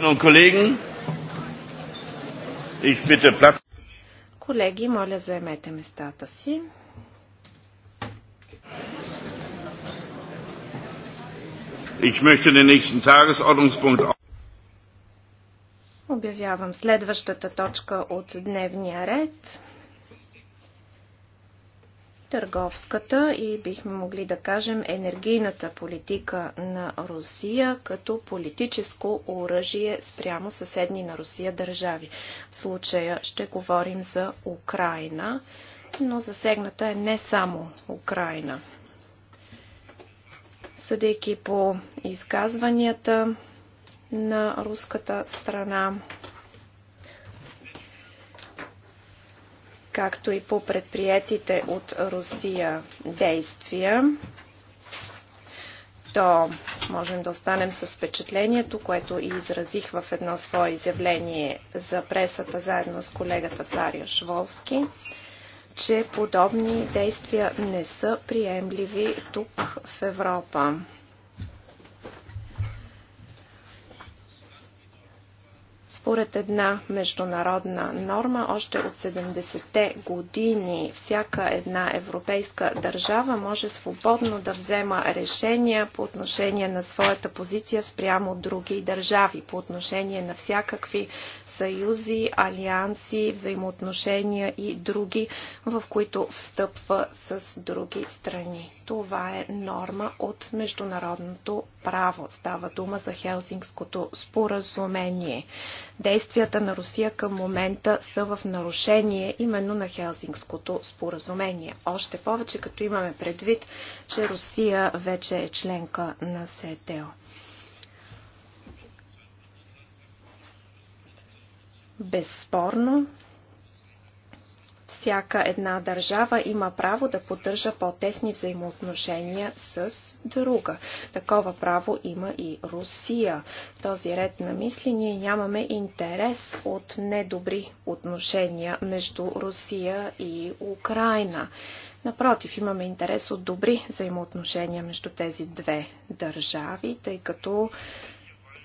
Kolleginnen und Kollegen, ich bitte Platz. Колеги, моля заемете местата си. Ich möchte den nächsten Tagesordnungspunkt Обявявам следващата точка от дневния ред търговската и бихме могли да кажем енергийната политика на Русия като политическо оръжие спрямо съседни на Русия държави. В случая ще говорим за Украина, но засегната е не само Украина. Съдейки по изказванията на руската страна, както и по предприятите от Русия действия, то можем да останем с впечатлението, което и изразих в едно свое изявление за пресата заедно с колегата Сария Шволски, че подобни действия не са приемливи тук в Европа. Според една международна норма, още от 70-те години всяка една европейска държава може свободно да взема решения по отношение на своята позиция спрямо други държави, по отношение на всякакви съюзи, алианси, взаимоотношения и други, в които встъпва с други страни. Това е норма от международното право. Става дума за Хелсингското споразумение. Действията на Русия към момента са в нарушение именно на Хелсингското споразумение. Още повече като имаме предвид, че Русия вече е членка на СЕТЕО. Безспорно, всяка една държава има право да поддържа по-тесни взаимоотношения с друга. Такова право има и Русия. В този ред на мисли ние нямаме интерес от недобри отношения между Русия и Украина. Напротив, имаме интерес от добри взаимоотношения между тези две държави, тъй като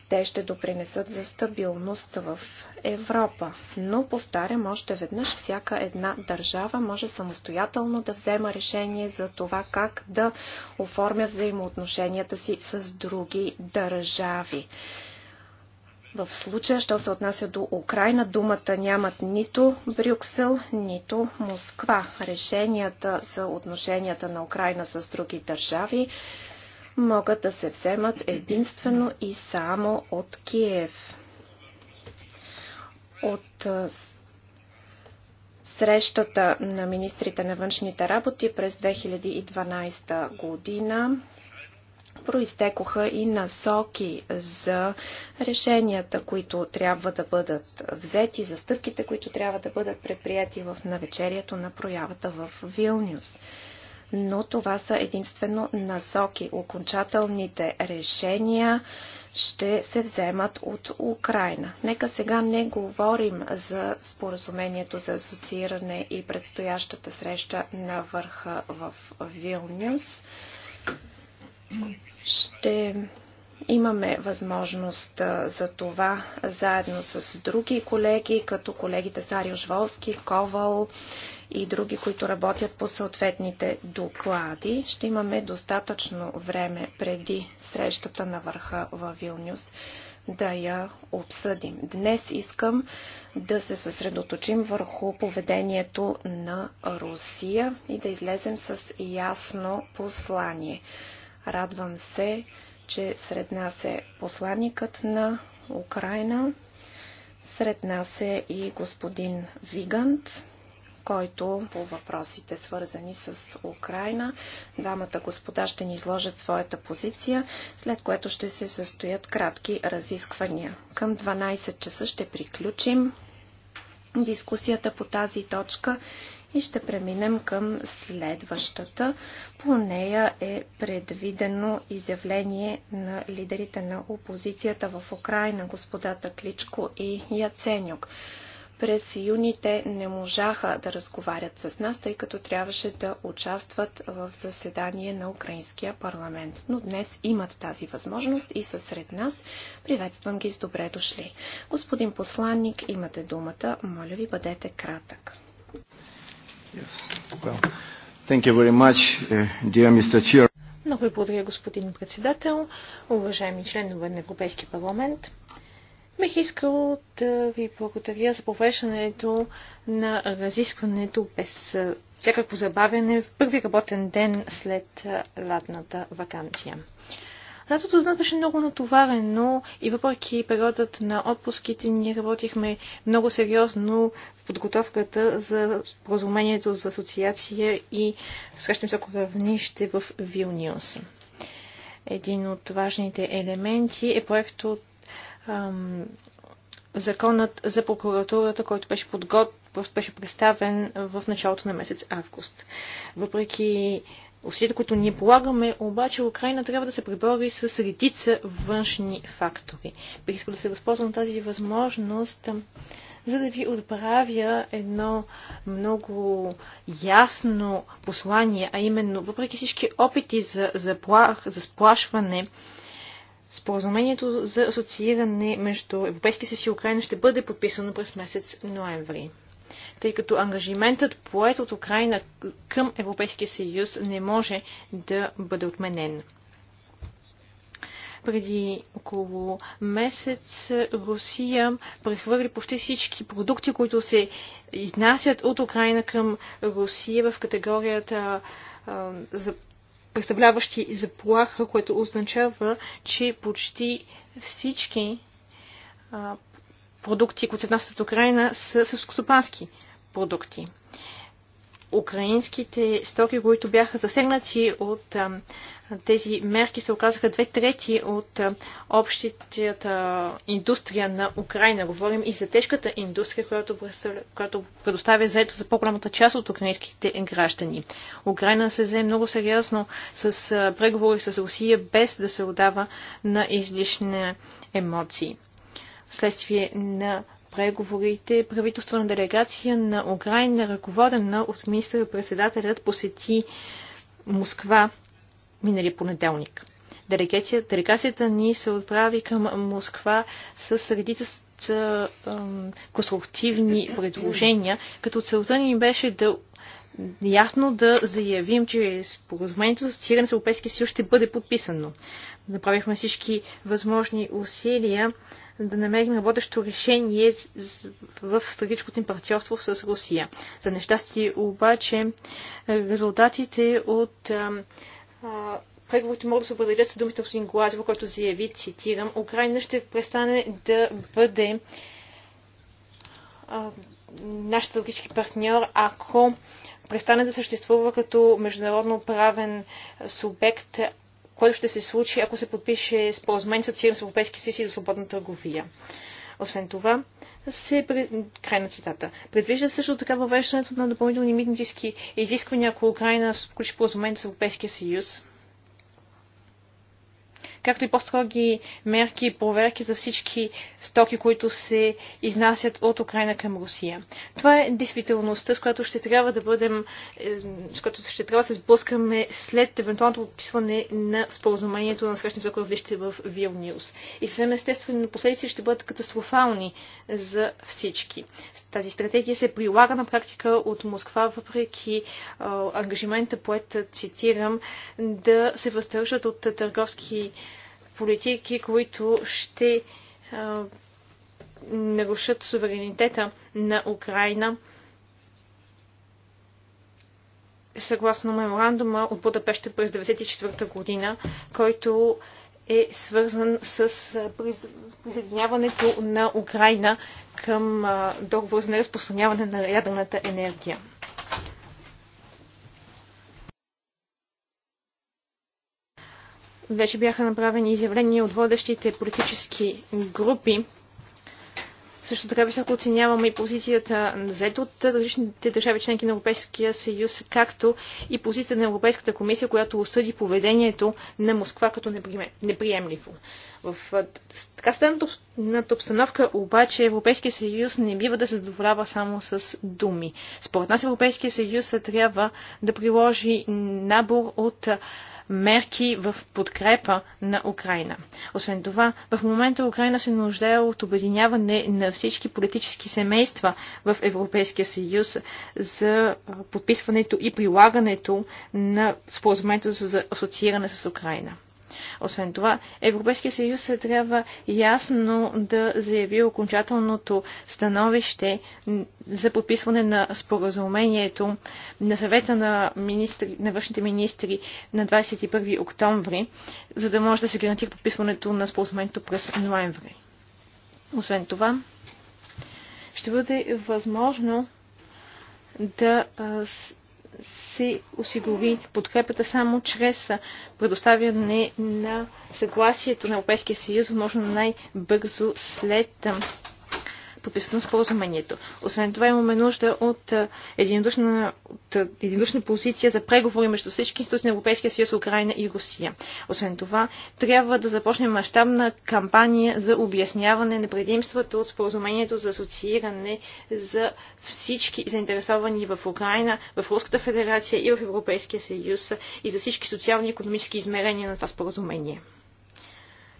те ще допринесат за стабилност в Европа. Но, повтарям още веднъж, всяка една държава може самостоятелно да взема решение за това как да оформя взаимоотношенията си с други държави. В случая, що се отнася до Украина, думата нямат нито Брюксел, нито Москва. Решенията за отношенията на Украина с други държави могат да се вземат единствено и само от Киев. От срещата на министрите на външните работи през 2012 година произтекоха и насоки за решенията, които трябва да бъдат взети, за стъпките, които трябва да бъдат предприяти в навечерието на проявата в Вилнюс но това са единствено насоки. Окончателните решения ще се вземат от Украина. Нека сега не говорим за споразумението за асоцииране и предстоящата среща на върха в Вилнюс. Ще Имаме възможност за това заедно с други колеги, като колегите Сариош Волски, Ковал и други, които работят по съответните доклади. Ще имаме достатъчно време преди срещата на върха в Вилнюс да я обсъдим. Днес искам да се съсредоточим върху поведението на Русия и да излезем с ясно послание. Радвам се, че сред нас е посланникът на Украина, сред нас е и господин Вигант, който по въпросите свързани с Украина, двамата господа ще ни изложат своята позиция, след което ще се състоят кратки разисквания. Към 12 часа ще приключим дискусията по тази точка и ще преминем към следващата. По нея е предвидено изявление на лидерите на опозицията в Украина, господата Кличко и Яценюк. През юни те не можаха да разговарят с нас, тъй като трябваше да участват в заседание на Украинския парламент. Но днес имат тази възможност и са сред нас. Приветствам ги с добре дошли. Господин посланник, имате думата. Моля ви, бъдете кратък. Yes. Well, thank you very much, uh, dear Mr. Chair. Много ви благодаря, господин председател, уважаеми членове на Европейския парламент. Бих искал да ви благодаря за провеждането на разискването без всякакво забавяне в първи работен ден след ладната вакансия. Лятото за нас беше много натоварено и въпреки периодът на отпуските ние работихме много сериозно в подготовката за споразумението за асоциация и срещам всяко равнище в Вилниус. Един от важните елементи е проектът ам, Законът за прокуратурата, който беше подготвен беше представен в началото на месец август. Въпреки усилията, които ние полагаме, обаче Украина трябва да се пребори с редица външни фактори. Бих искал да се възползвам тази възможност, за да ви отправя едно много ясно послание, а именно, въпреки всички опити за, за, плах, за сплашване, споразумението за асоцииране между Европейския съюз и Украина ще бъде подписано през месец ноември тъй като ангажиментът поет от Украина към Европейския съюз не може да бъде отменен. Преди около месец Русия прехвърли почти всички продукти, които се изнасят от Украина към Русия в категорията за представляващи заплаха, което означава, че почти всички а, продукти, които се внасят от Украина, са съвскостопански продукти. Украинските стоки, които бяха засегнати от а, тези мерки, се оказаха две трети от а, общата индустрия на Украина. Говорим и за тежката индустрия, която, която предоставя заето за по-голямата част от украинските граждани. Украина се взе много сериозно с а, преговори с Русия, без да се отдава на излишни емоции. Следствие на преговорите, правителствена делегация на Украина, ръководена от министър-председателят, посети Москва минали понеделник. делегацията ни се отправи към Москва с редица конструктивни предложения, като целта ни беше да ясно да заявим, че споразумението за асоцииране с Европейския съюз ще бъде подписано. Направихме всички възможни усилия да намерим работещо решение в стратегическото им партньорство с Русия. За нещастие обаче резултатите от преговорите могат да се определят с думите от Инглазива, който заяви, цитирам, Украина ще престане да бъде а, наш стратегически партньор, ако престане да съществува като международно правен субект, който ще се случи, ако се подпише споразумение с с Европейски съюз за свободна търговия. Освен това, се пред... край на цитата. Предвижда също така въвеждането на допълнителни митнически изисквания, ако Украина включи поразумение с Европейския съюз както и по-строги мерки и проверки за всички стоки, които се изнасят от Украина към Русия. Това е действителността, с която ще трябва да бъдем, е, с която ще трябва да се сблъскаме след евентуалното подписване на споразумението на срещни високо в Вилнюс. И съвсем естествено последици ще бъдат катастрофални за всички. Тази стратегия се прилага на практика от Москва, въпреки е, ангажимента, поет цитирам, да се въздържат от търговски политики, които ще а, нарушат суверенитета на Украина съгласно меморандума от Будапеща през 1994 година, който е свързан с присъединяването на Украина към договор за неразпространяване на ядрената енергия. Вече бяха направени изявления от водещите политически групи. Също така високо оценяваме и позицията на взета от различните държави членки на Европейския съюз, както и позицията на Европейската комисия, която осъди поведението на Москва като неприемливо. В така следната обстановка обаче Европейския съюз не бива да се задоволява само с думи. Според нас Европейския съюз трябва да приложи набор от мерки в подкрепа на Украина. Освен това, в момента Украина се нуждае от обединяване на всички политически семейства в Европейския съюз за подписването и прилагането на споразумението за асоцииране с Украина. Освен това, Европейския съюз трябва ясно да заяви окончателното становище за подписване на споразумението на съвета на, министри, на външните министри на 21 октомври, за да може да се гарантира подписването на споразумението през ноември. Освен това, ще бъде възможно да се осигури подкрепата само чрез предоставяне на съгласието на Европейския съюз, възможно най-бързо след подписано споразумението. Освен това имаме нужда от единодушна, от единодушна позиция за преговори между всички институции на Европейския съюз, Украина и Русия. Освен това, трябва да започнем мащабна кампания за обясняване на предимствата от споразумението за асоцииране за всички заинтересовани в Украина, в Руската федерация и в Европейския съюз и за всички социални и економически измерения на това споразумение.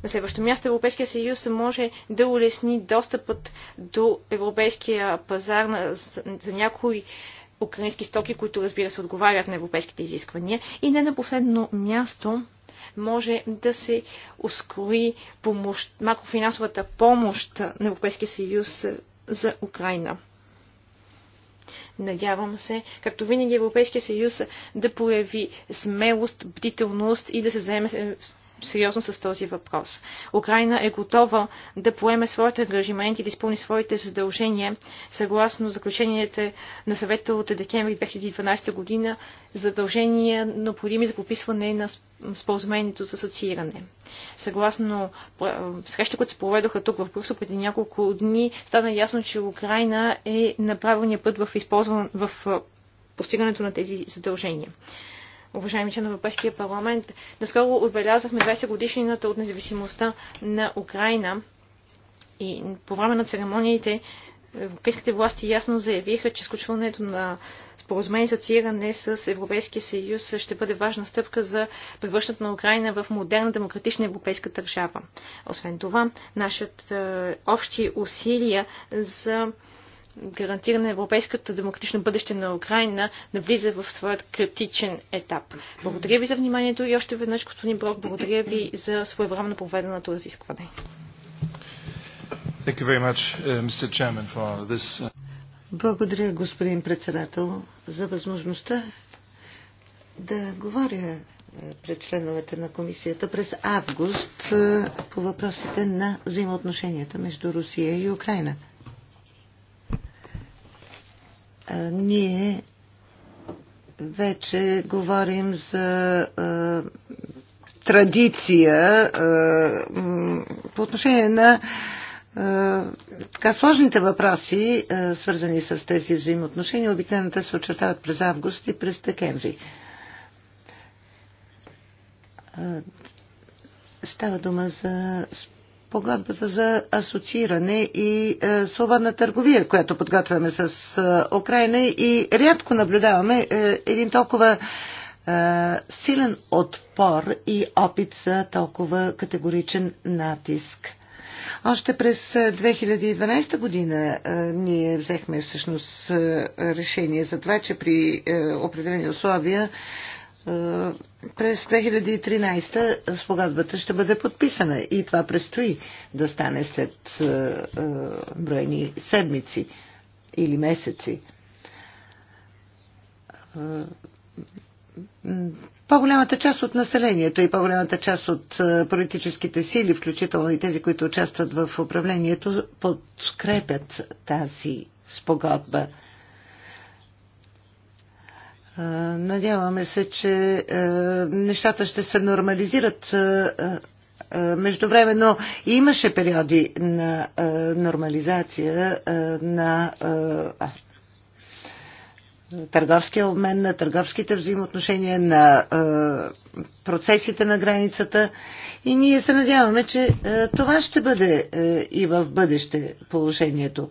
На следващо място Европейския съюз може да улесни достъпът до европейския пазар на, за, за някои украински стоки, които разбира се отговарят на европейските изисквания. И не на последно място може да се ускори помощ, макрофинансовата помощ на Европейския съюз за Украина. Надявам се, както винаги Европейския съюз да прояви смелост, бдителност и да се заеме сериозно с този въпрос. Украина е готова да поеме своите ангажименти и да изпълни своите задължения съгласно заключенията на съвета от декември 2012 година задължения необходими за подписване на споразумението за асоцииране. Съгласно среща, които се проведоха тук в Брюксел преди няколко дни, стана ясно, че Украина е на правилния път в, използван, в постигането на тези задължения уважаеми член на Европейския парламент. Наскоро отбелязахме 20 годишнината от независимостта на Украина и по време на церемониите европейските власти ясно заявиха, че сключването на споразумение за цигане с Европейския съюз ще бъде важна стъпка за превръщането на Украина в модерна демократична европейска държава. Освен това, нашите е, общи усилия за гарантиране на европейската демократично бъдеще на Украина навлиза в своят критичен етап. Благодаря ви за вниманието и още веднъж, господин Брок, благодаря ви за своевременно проведеното разискване. Благодаря, господин председател, за възможността да говоря е, пред членовете на комисията през август е, по въпросите на взаимоотношенията между Русия и Украина ние вече говорим за а, традиция а, по отношение на а, така сложните въпроси, а, свързани с тези взаимоотношения. Обикновено те се очертават през август и през декември. Става дума за Погладбата за асоцииране и е, свободна търговия, която подготвяме с е, Украина и рядко наблюдаваме е, един толкова е, силен отпор и опит за толкова категоричен натиск. Още през 2012 е, година е, ние взехме всъщност е, решение за това, че при е, определени условия през 2013 спогадбата ще бъде подписана и това предстои да стане след е, е, броени седмици или месеци. Е, по-голямата част от населението и по-голямата част от политическите сили, включително и тези, които участват в управлението, подкрепят тази спогадба. Надяваме се, че нещата ще се нормализират Междувременно имаше периоди на а, нормализация а, на а, търговския обмен, на търговските взаимоотношения, на а, процесите на границата. И ние се надяваме, че а, това ще бъде а, и в бъдеще положението.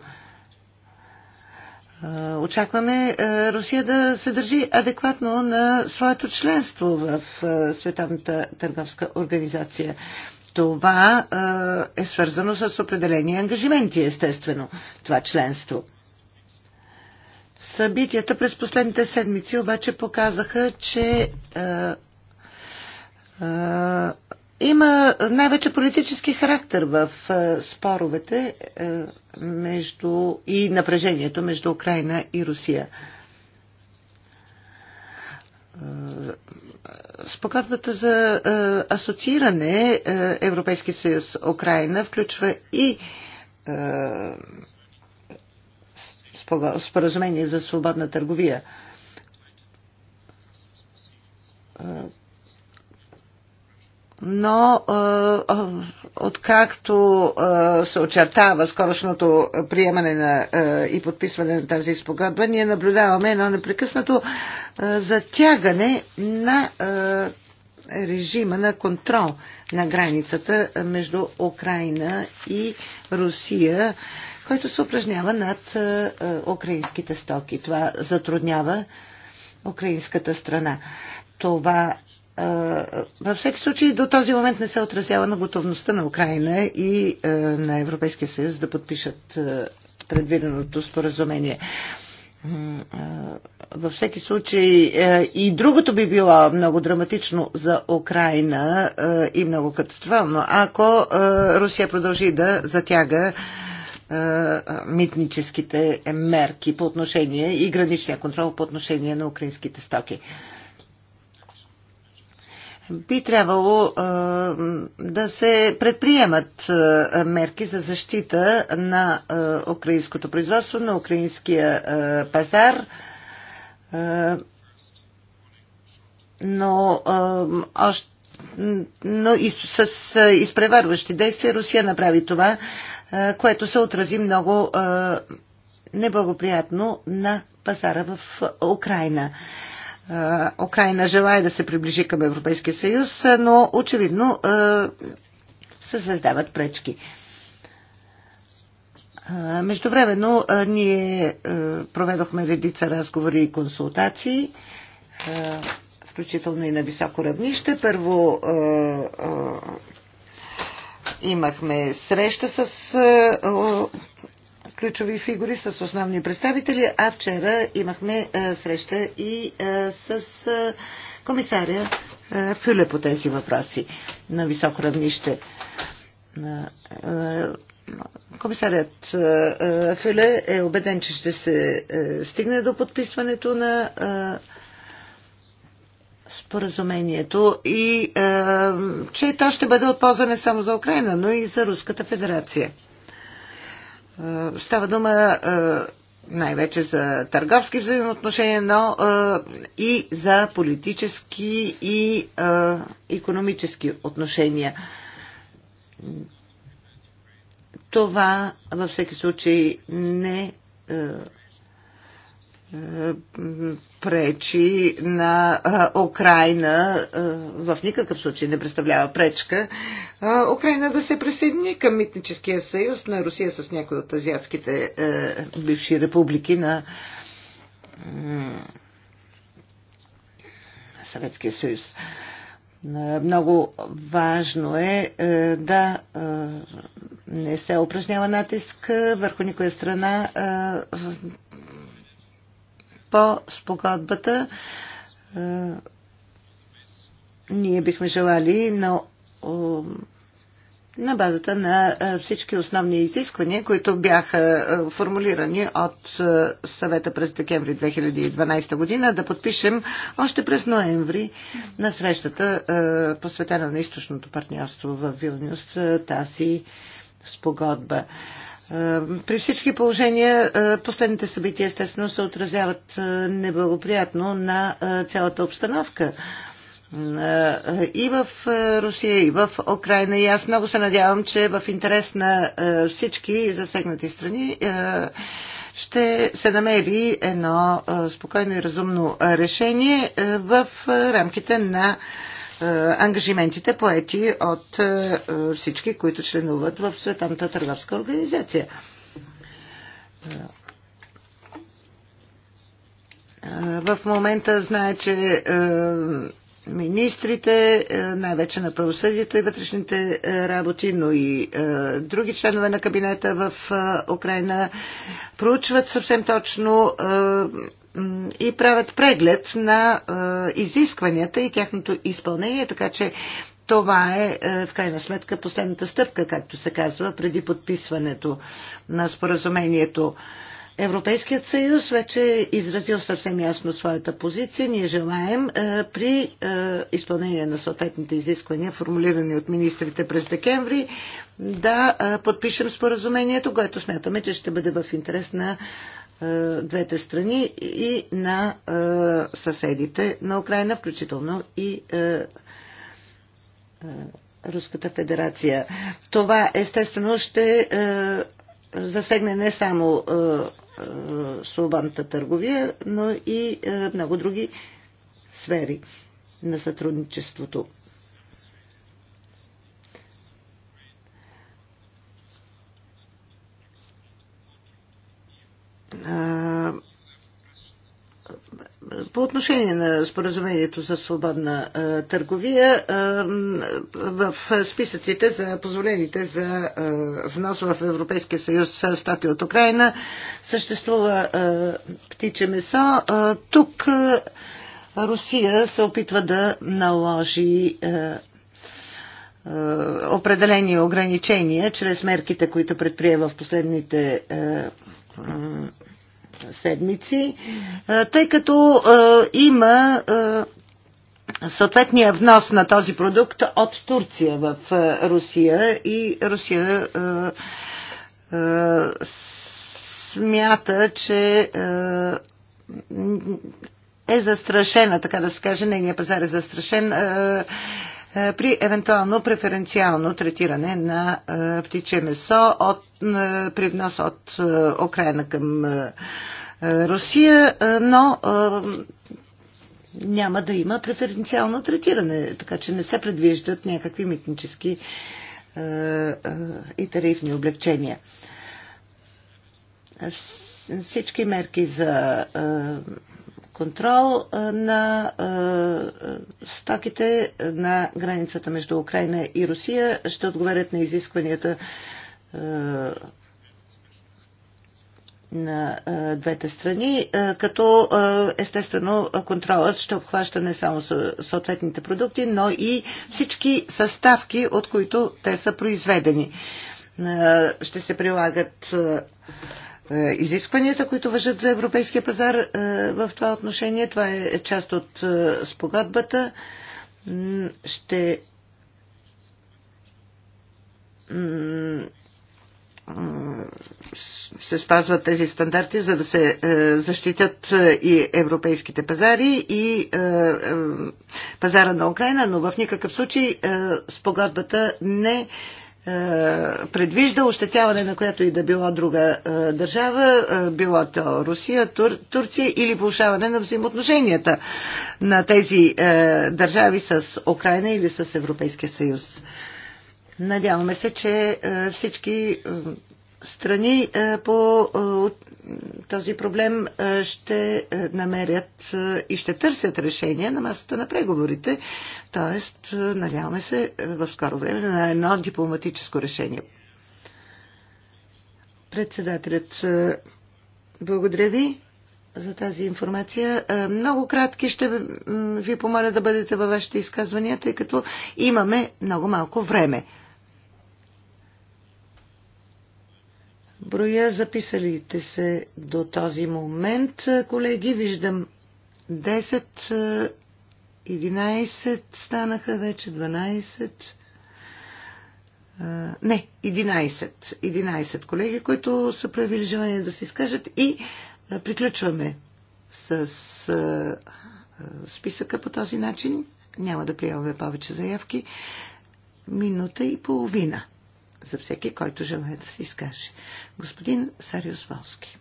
Очакваме Русия да се държи адекватно на своето членство в Световната търговска организация. Това е свързано с определени ангажименти, естествено, това членство. Събитията през последните седмици обаче показаха, че има най-вече политически характер в споровете между, и напрежението между Украина и Русия. Спогодбата за асоцииране Европейски съюз Украина включва и споразумение за свободна търговия но откакто се очертава скорошното приемане на, и подписване на тази изпогадба, ние наблюдаваме едно непрекъснато затягане на режима на контрол на границата между Украина и Русия, който се упражнява над украинските стоки. Това затруднява украинската страна. Това във всеки случай до този момент не се отразява на готовността на Украина и на Европейския съюз да подпишат предвиденото споразумение. Във всеки случай и другото би било много драматично за Украина и много катастрофално, ако Русия продължи да затяга митническите мерки по отношение и граничния контрол по отношение на украинските стоки би трябвало да се предприемат мерки за защита на украинското производство, на украинския пазар. Но още но и с, с изпреварващи действия Русия направи това, което се отрази много неблагоприятно на пазара в Украина. Украина желая да се приближи към Европейския съюз, но очевидно се създават пречки. Междувременно ние проведохме редица разговори и консултации, включително и на високо равнище. Първо имахме среща с ключови фигури, с основни представители, а вчера имахме е, среща и е, с е, комисаря Фюле по тези въпроси на високо равнище. Комисарят Фюле е убеден, че ще се стигне до подписването на споразумението и че то ще бъде от полза не само за Украина, но и за Руската федерация. Е, става дума е, най-вече за търговски взаимоотношения, но е, и за политически и економически отношения. Това във всеки случай не пречи на Украина, в никакъв случай не представлява пречка, Украина да се присъедини към митническия съюз на Русия с някои от азиатските е, бивши републики на Съветския съюз. Много важно е, е да е, не се упражнява натиск върху никоя страна по спогодбата. Е, ние бихме желали на, на базата на е, всички основни изисквания, които бяха е, формулирани от съвета през декември 2012 година, да подпишем още през ноември на срещата посветена на източното партньорство в Вилнюс тази спогодба. Е, при всички положения е, последните събития естествено се отразяват е, неблагоприятно на цялата обстановка и в Русия, и в Украина. И аз много се надявам, че в интерес на всички засегнати страни ще се намери едно спокойно и разумно решение в рамките на е, ангажиментите поети от е, всички, които членуват в Световната търговска организация. Е, в момента знае, че министрите, най-вече на правосъдието и вътрешните работи, но и други членове на кабинета в Украина проучват съвсем точно и правят преглед на изискванията и тяхното изпълнение, така че това е в крайна сметка последната стъпка, както се казва, преди подписването на споразумението. Европейският съюз вече е изразил съвсем ясно своята позиция. Ние желаем е, при е, изпълнение на съответните изисквания, формулирани от министрите през декември, да е, подпишем споразумението, което смятаме, че ще бъде в интерес на е, двете страни и на е, съседите на Украина, включително и е, Руската федерация. Това естествено ще засегне не само свободната търговия, но и много други сфери на сътрудничеството. по отношение на споразумението за свободна търговия, в списъците за позволените за внос в Европейския съюз стоки от Украина съществува птиче месо. Тук Русия се опитва да наложи определени ограничения чрез мерките, които предприема в последните седмици, тъй като има съответния внос на този продукт от Турция в Русия и Русия смята, че е застрашена, така да се каже, нейният пазар е застрашен е, при евентуално преференциално третиране на е, птиче месо от е, при внос от Украина към Русия, но няма да има преференциално третиране, така че не се предвиждат някакви митнически и тарифни облегчения. Всички мерки за контрол на стоките на границата между Украина и Русия ще отговарят на изискванията на двете страни, като естествено контролът ще обхваща не само съответните продукти, но и всички съставки, от които те са произведени. Ще се прилагат е, изискванията, които въжат за европейския пазар е, в това отношение. Това е част от е, спогадбата. Ще се спазват тези стандарти, за да се защитят и европейските пазари и пазара на Украина, но в никакъв случай спогадбата не е, предвижда ощетяване на която и да била друга е, държава, е, Била то Русия, Тур, Турция или влушаване на взаимоотношенията на тези държави с Украина или с Европейския съюз. Надяваме се, че всички страни по този проблем ще намерят и ще търсят решение на масата на преговорите. Тоест, надяваме се в скоро време на едно дипломатическо решение. Председателят, благодаря ви за тази информация. Много кратки ще ви помоля да бъдете във вашите изказвания, тъй като имаме много малко време. броя записалите се до този момент. Колеги, виждам 10, 11 станаха вече, 12. Не, 11. 11 колеги, които са проявили желание да се изкажат и приключваме с списъка по този начин. Няма да приемаме повече заявки. Минута и половина за всеки, който желая да се изкаже. Господин Сариус Волски.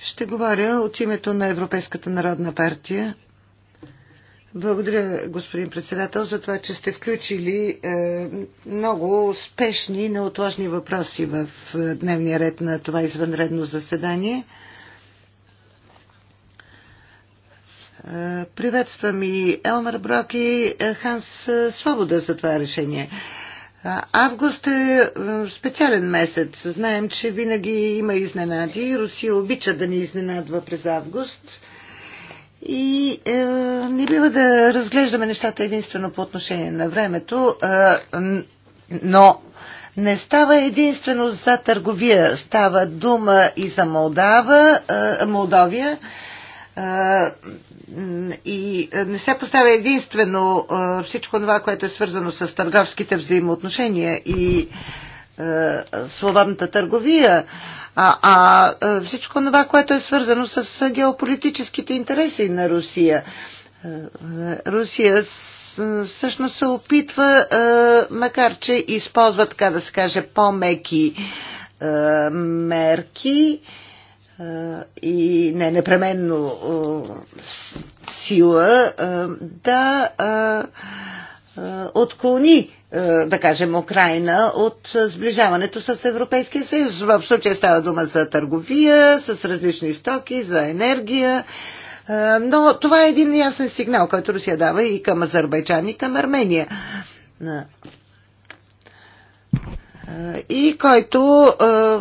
Ще говоря от името на Европейската народна партия. Благодаря, господин председател, за това, че сте включили е, много спешни и неотложни въпроси в е, дневния ред на това извънредно заседание. Приветствам и Елмар Брок и е, Ханс е, Свобода за това решение. Август е, е специален месец. Знаем, че винаги има изненади. Русия обича да ни изненадва през август. И е, не бива да разглеждаме нещата единствено по отношение на времето, е, но не става единствено за търговия. Става дума и за Молдава, е, Молдовия. Е, и не се поставя единствено всичко това, което е свързано с търговските взаимоотношения и свободната търговия, а, а всичко това, което е свързано с геополитическите интереси на Русия. Русия всъщност се опитва, макар че използва, така да се каже, по-меки мерки, и не непременно сила да отклони, да кажем, Украина от сближаването с Европейския съюз. В случая става дума за търговия, с различни стоки, за енергия. Но това е един ясен сигнал, който Русия дава и към Азербайджан, и към Армения и който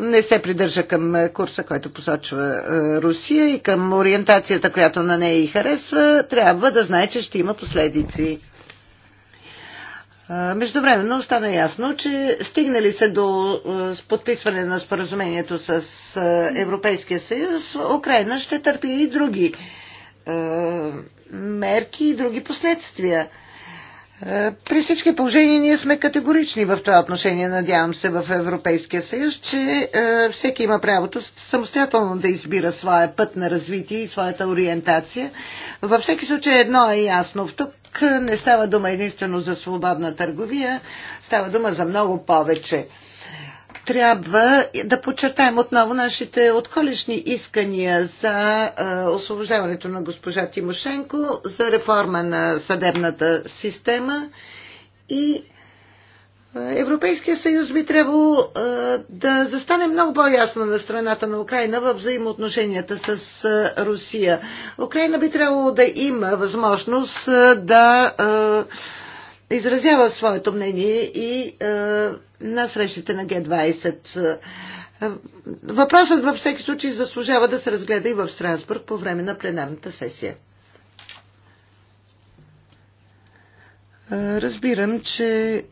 не се придържа към курса, който посочва Русия и към ориентацията, която на нея и харесва, трябва да знае, че ще има последици. Междувременно стана ясно, че стигнали се до подписване на споразумението с Европейския съюз, Украина ще търпи и други мерки и други последствия. Е, при всички положения ние сме категорични в това отношение, надявам се, в Европейския съюз, че е, всеки има правото самостоятелно да избира своя път на развитие и своята ориентация. Във всеки случай едно е ясно. В тук не става дума единствено за свободна търговия, става дума за много повече трябва да подчертаем отново нашите отколешни искания за освобождаването на госпожа Тимошенко, за реформа на съдебната система и Европейския съюз би трябвало да застане много по-ясно на страната на Украина в взаимоотношенията с Русия. Украина би трябвало да има възможност да изразява своето мнение и е, на срещите на Г-20. Е, въпросът във всеки случай заслужава да се разгледа и в Страсбург по време на пленарната сесия. Е, разбирам, че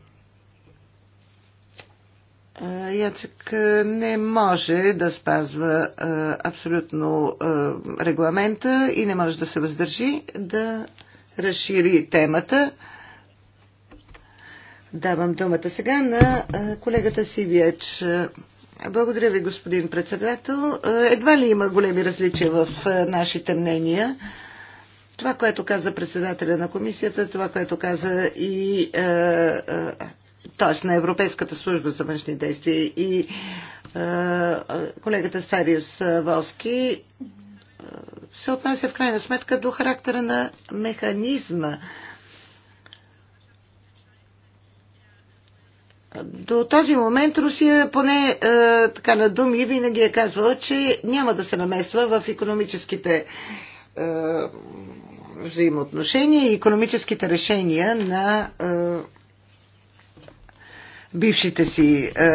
Яцек не може да спазва абсолютно регламента и не може да се въздържи да разшири темата. Давам думата сега на колегата Сивиеч. Благодаря ви, господин председател. Едва ли има големи различия в нашите мнения. Това, което каза председателя на комисията, това, което каза и т.е. на Европейската служба за външни действия и колегата Сариус Волски, се отнася в крайна сметка до характера на механизма До този момент Русия, поне е, така на думи, винаги е казвала, че няма да се намесва в економическите е, взаимоотношения и економическите решения на е, бившите си е,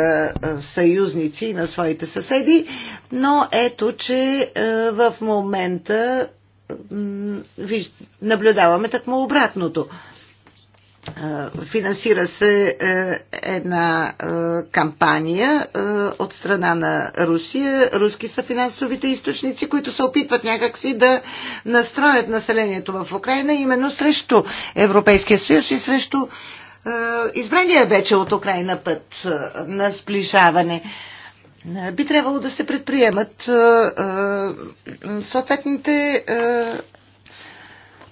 съюзници и на своите съседи, но ето, че е, в момента е, наблюдаваме такмо обратното. Е, финансира се е, една е, кампания от страна на Русия. Руски са финансовите източници, които се опитват някакси да настроят населението в Украина именно срещу Европейския съюз и срещу избрания вече от Украина път на сближаване. Би трябвало да се предприемат съответните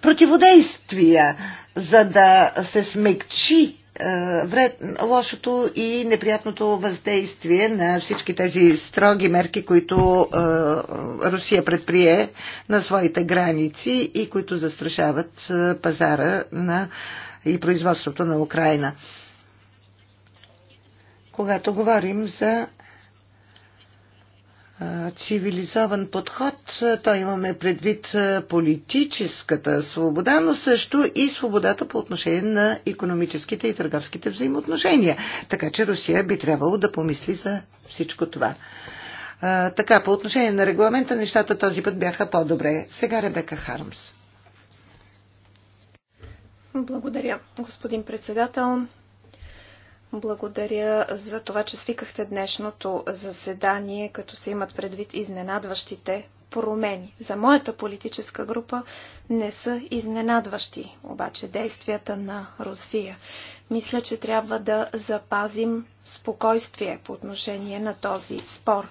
противодействия, за да се смекчи е, вред, лошото и неприятното въздействие на всички тези строги мерки, които е, Русия предприе на своите граници и които застрашават е, пазара на, и производството на Украина. Когато говорим за цивилизован подход. Той имаме предвид политическата свобода, но също и свободата по отношение на економическите и търговските взаимоотношения. Така че Русия би трябвало да помисли за всичко това. А, така, по отношение на регламента, нещата този път бяха по-добре. Сега Ребека Хармс. Благодаря, господин председател. Благодаря за това, че свикахте днешното заседание, като се имат предвид изненадващите промени. За моята политическа група не са изненадващи обаче действията на Русия. Мисля, че трябва да запазим спокойствие по отношение на този спор.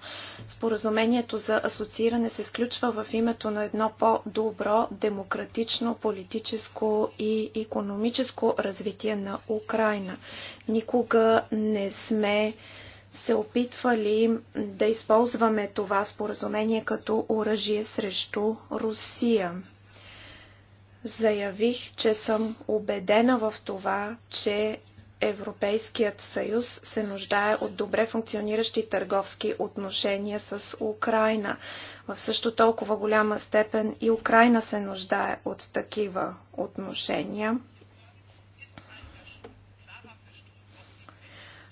Споразумението за асоцииране се сключва в името на едно по-добро демократично, политическо и економическо развитие на Украина. Никога не сме се опитвали да използваме това споразумение като оръжие срещу Русия заявих, че съм убедена в това, че Европейският съюз се нуждае от добре функциониращи търговски отношения с Украина. В също толкова голяма степен и Украина се нуждае от такива отношения.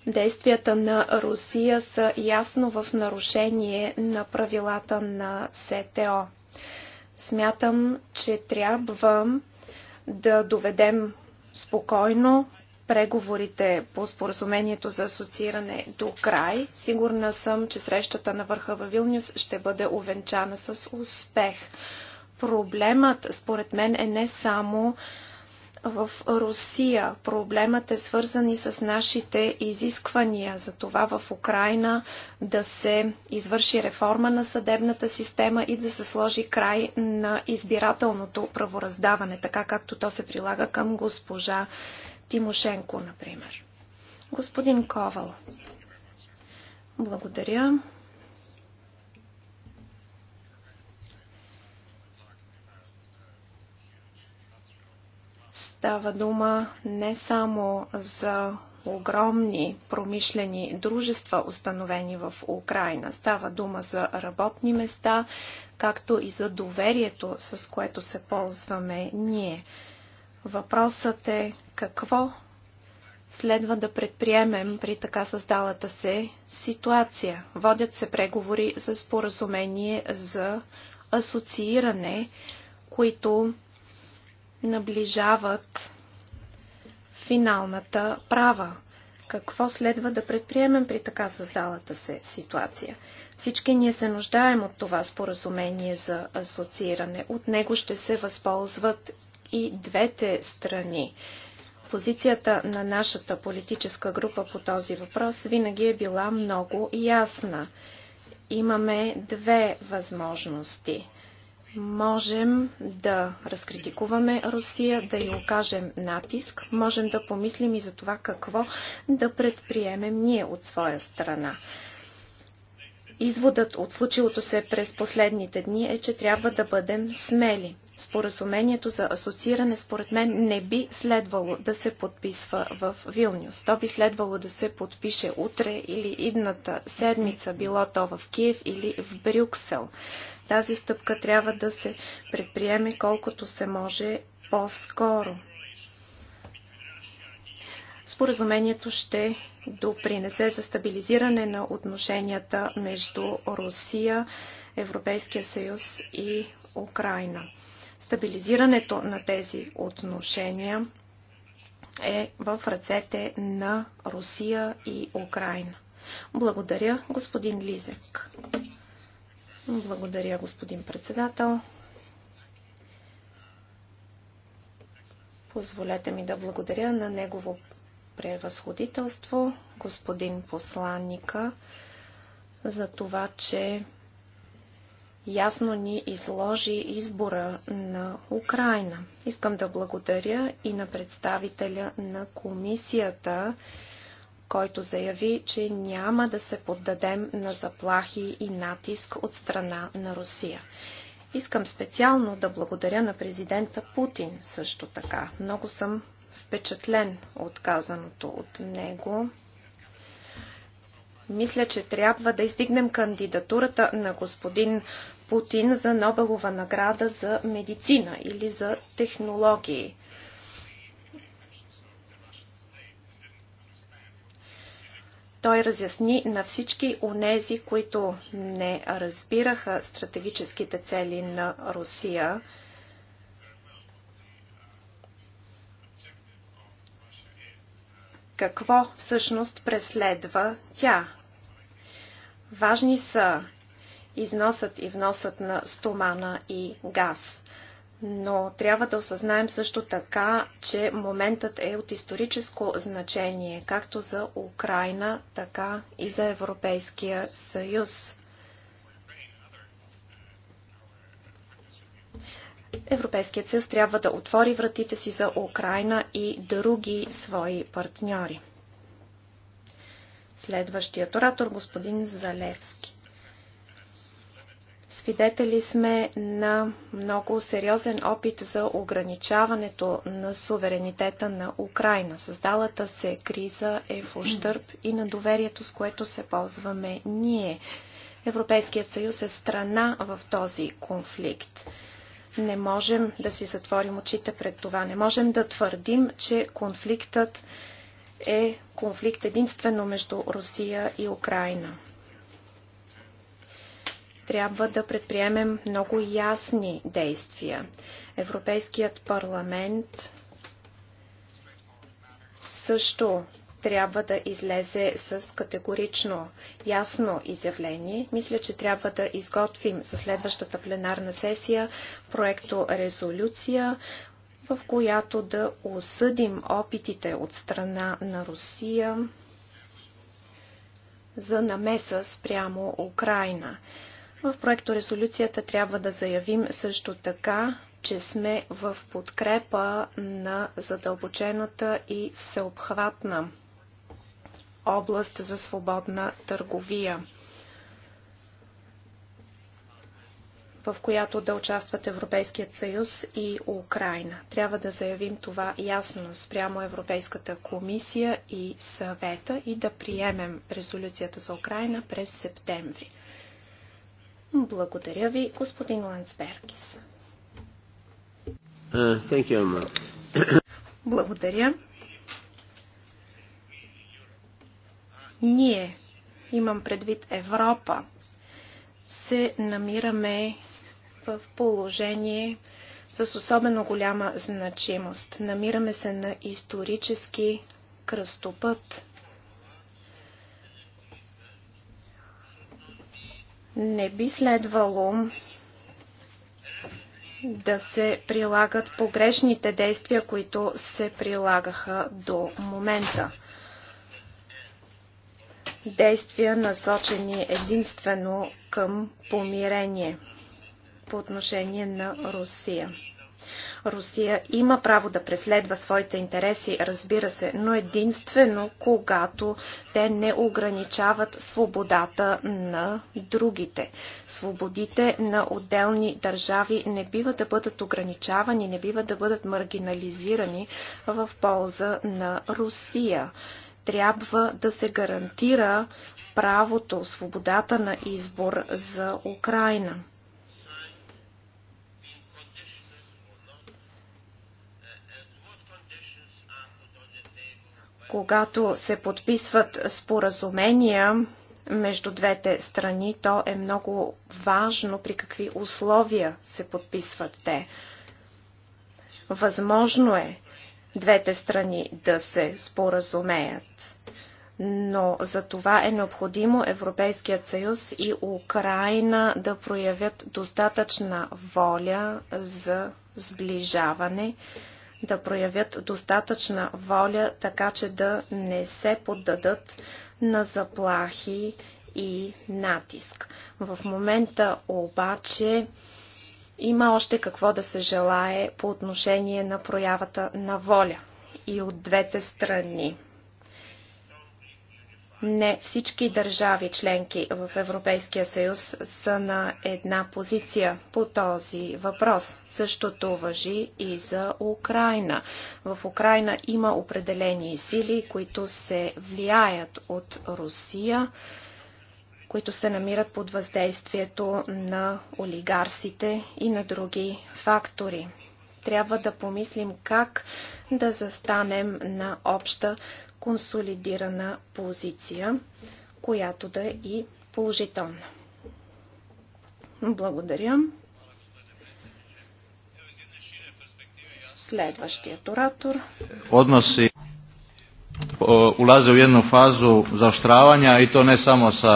Действията на Русия са ясно в нарушение на правилата на СТО. Смятам, че трябва да доведем спокойно преговорите по споразумението за асоцииране до край. Сигурна съм, че срещата на върха във Вилнюс ще бъде увенчана с успех. Проблемът, според мен, е не само в Русия. Проблемът е свързан и с нашите изисквания за това в Украина да се извърши реформа на съдебната система и да се сложи край на избирателното правораздаване, така както то се прилага към госпожа Тимошенко, например. Господин Ковал. Благодаря. Става дума не само за огромни промишлени дружества, установени в Украина. Става дума за работни места, както и за доверието, с което се ползваме ние. Въпросът е какво следва да предприемем при така създалата се ситуация. Водят се преговори за споразумение за асоцииране, които наближават финалната права. Какво следва да предприемем при така създалата се ситуация? Всички ние се нуждаем от това споразумение за асоцииране. От него ще се възползват и двете страни. Позицията на нашата политическа група по този въпрос винаги е била много ясна. Имаме две възможности – Можем да разкритикуваме Русия, да й окажем натиск, можем да помислим и за това какво да предприемем ние от своя страна. Изводът от случилото се през последните дни е, че трябва да бъдем смели. Споразумението за асоцииране, според мен, не би следвало да се подписва в Вилнюс. То би следвало да се подпише утре или идната седмица, било то в Киев или в Брюксел. Тази стъпка трябва да се предприеме колкото се може по-скоро. Споразумението ще допринесе за стабилизиране на отношенията между Русия, Европейския съюз и Украина. Стабилизирането на тези отношения е в ръцете на Русия и Украина. Благодаря, господин Лизек. Благодаря, господин председател. Позволете ми да благодаря на негово превъзходителство, господин посланника, за това, че ясно ни изложи избора на Украина. Искам да благодаря и на представителя на комисията, който заяви, че няма да се поддадем на заплахи и натиск от страна на Русия. Искам специално да благодаря на президента Путин също така. Много съм впечатлен от казаното от него. Мисля, че трябва да издигнем кандидатурата на господин Путин за Нобелова награда за медицина или за технологии. Той разясни на всички онези, които не разбираха стратегическите цели на Русия, какво всъщност преследва тя. Важни са износът и вносът на стомана и газ. Но трябва да осъзнаем също така, че моментът е от историческо значение, както за Украина, така и за Европейския съюз. Европейският съюз трябва да отвори вратите си за Украина и други свои партньори. Следващият оратор, господин Залевски. Свидетели сме на много сериозен опит за ограничаването на суверенитета на Украина. Създалата се криза е в ущърп и на доверието, с което се ползваме ние. Европейският съюз е страна в този конфликт. Не можем да си затворим очите пред това. Не можем да твърдим, че конфликтът е конфликт единствено между Русия и Украина. Трябва да предприемем много ясни действия. Европейският парламент също трябва да излезе с категорично ясно изявление. Мисля, че трябва да изготвим за следващата пленарна сесия проекто резолюция, в която да осъдим опитите от страна на Русия за намеса спрямо Украина. В проекто резолюцията трябва да заявим също така, че сме в подкрепа на задълбочената и всеобхватна област за свободна търговия, в която да участват Европейският съюз и Украина. Трябва да заявим това ясно спрямо Европейската комисия и съвета и да приемем резолюцията за Украина през септември. Благодаря ви, господин Ландсбергис. Uh, Благодаря. Ние, имам предвид Европа, се намираме в положение с особено голяма значимост. Намираме се на исторически кръстопът. Не би следвало да се прилагат погрешните действия, които се прилагаха до момента действия насочени единствено към помирение по отношение на Русия. Русия има право да преследва своите интереси, разбира се, но единствено когато те не ограничават свободата на другите. Свободите на отделни държави не бива да бъдат ограничавани, не бива да бъдат маргинализирани в полза на Русия трябва да се гарантира правото, свободата на избор за Украина. Когато се подписват споразумения между двете страни, то е много важно при какви условия се подписват те. Възможно е двете страни да се споразумеят. Но за това е необходимо Европейският съюз и Украина да проявят достатъчна воля за сближаване, да проявят достатъчна воля, така че да не се поддадат на заплахи и натиск. В момента обаче има още какво да се желае по отношение на проявата на воля и от двете страни. Не всички държави членки в Европейския съюз са на една позиция по този въпрос. Същото въжи и за Украина. В Украина има определени сили, които се влияят от Русия които се намират под въздействието на олигарсите и на други фактори. Трябва да помислим как да застанем на обща консолидирана позиция, която да е и положителна. Благодаря. Следващият оратор. Односи ulaze u jednu fazu zaoštravanja i to ne samo sa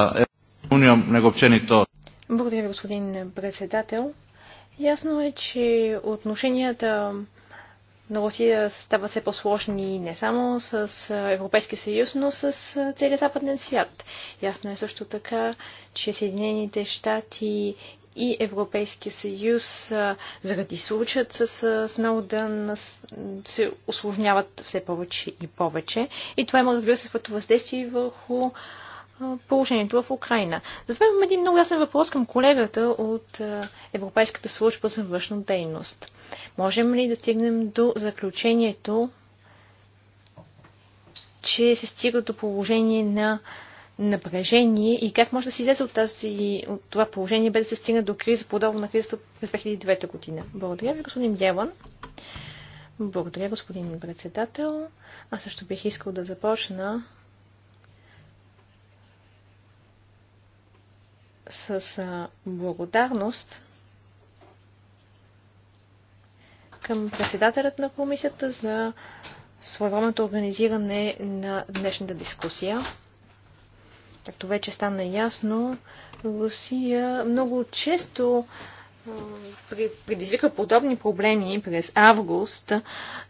unijom, nego općenito. Благодаря ви, господин председател. Ясно е, че отношенията на Русия стават все по-сложни не само с Европейския съюз, но с целия западен свят. Ясно е също така, че Съединените щати и Европейския съюз заради случат с Сноудън се осложняват все повече и повече. И това има, разбира се, своето въздействие върху положението в Украина. Затова имам един много ясен въпрос към колегата от Европейската служба за външна дейност. Можем ли да стигнем до заключението, че се стига до положение на напрежение и как може да се излезе от, тази, от това положение без да се стигне до криза, подобно на кризата през 2009 година. Благодаря ви, господин Дяван. Благодаря, господин председател. Аз също бих искал да започна с а, благодарност към председателят на комисията за своевременното организиране на днешната дискусия. Както вече стана ясно, Русия много често предизвика подобни проблеми през август.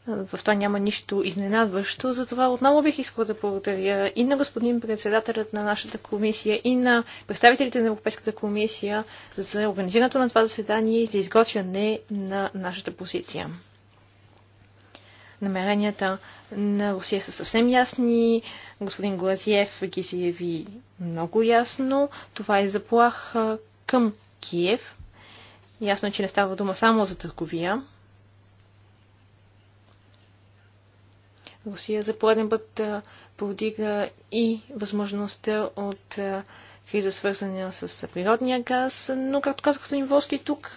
В това няма нищо изненадващо. Затова отново бих искала да благодаря и на господин председателят на нашата комисия, и на представителите на Европейската комисия за организирането на това заседание и за изготвяне на нашата позиция. Намеренията на Русия са съвсем ясни. Господин Глазиев ги заяви много ясно. Това е заплаха към Киев, Ясно е, че не става дума само за търговия. Русия за пореден път повдига и възможността от криза, свързана с природния газ, но, както казах господин Волски, тук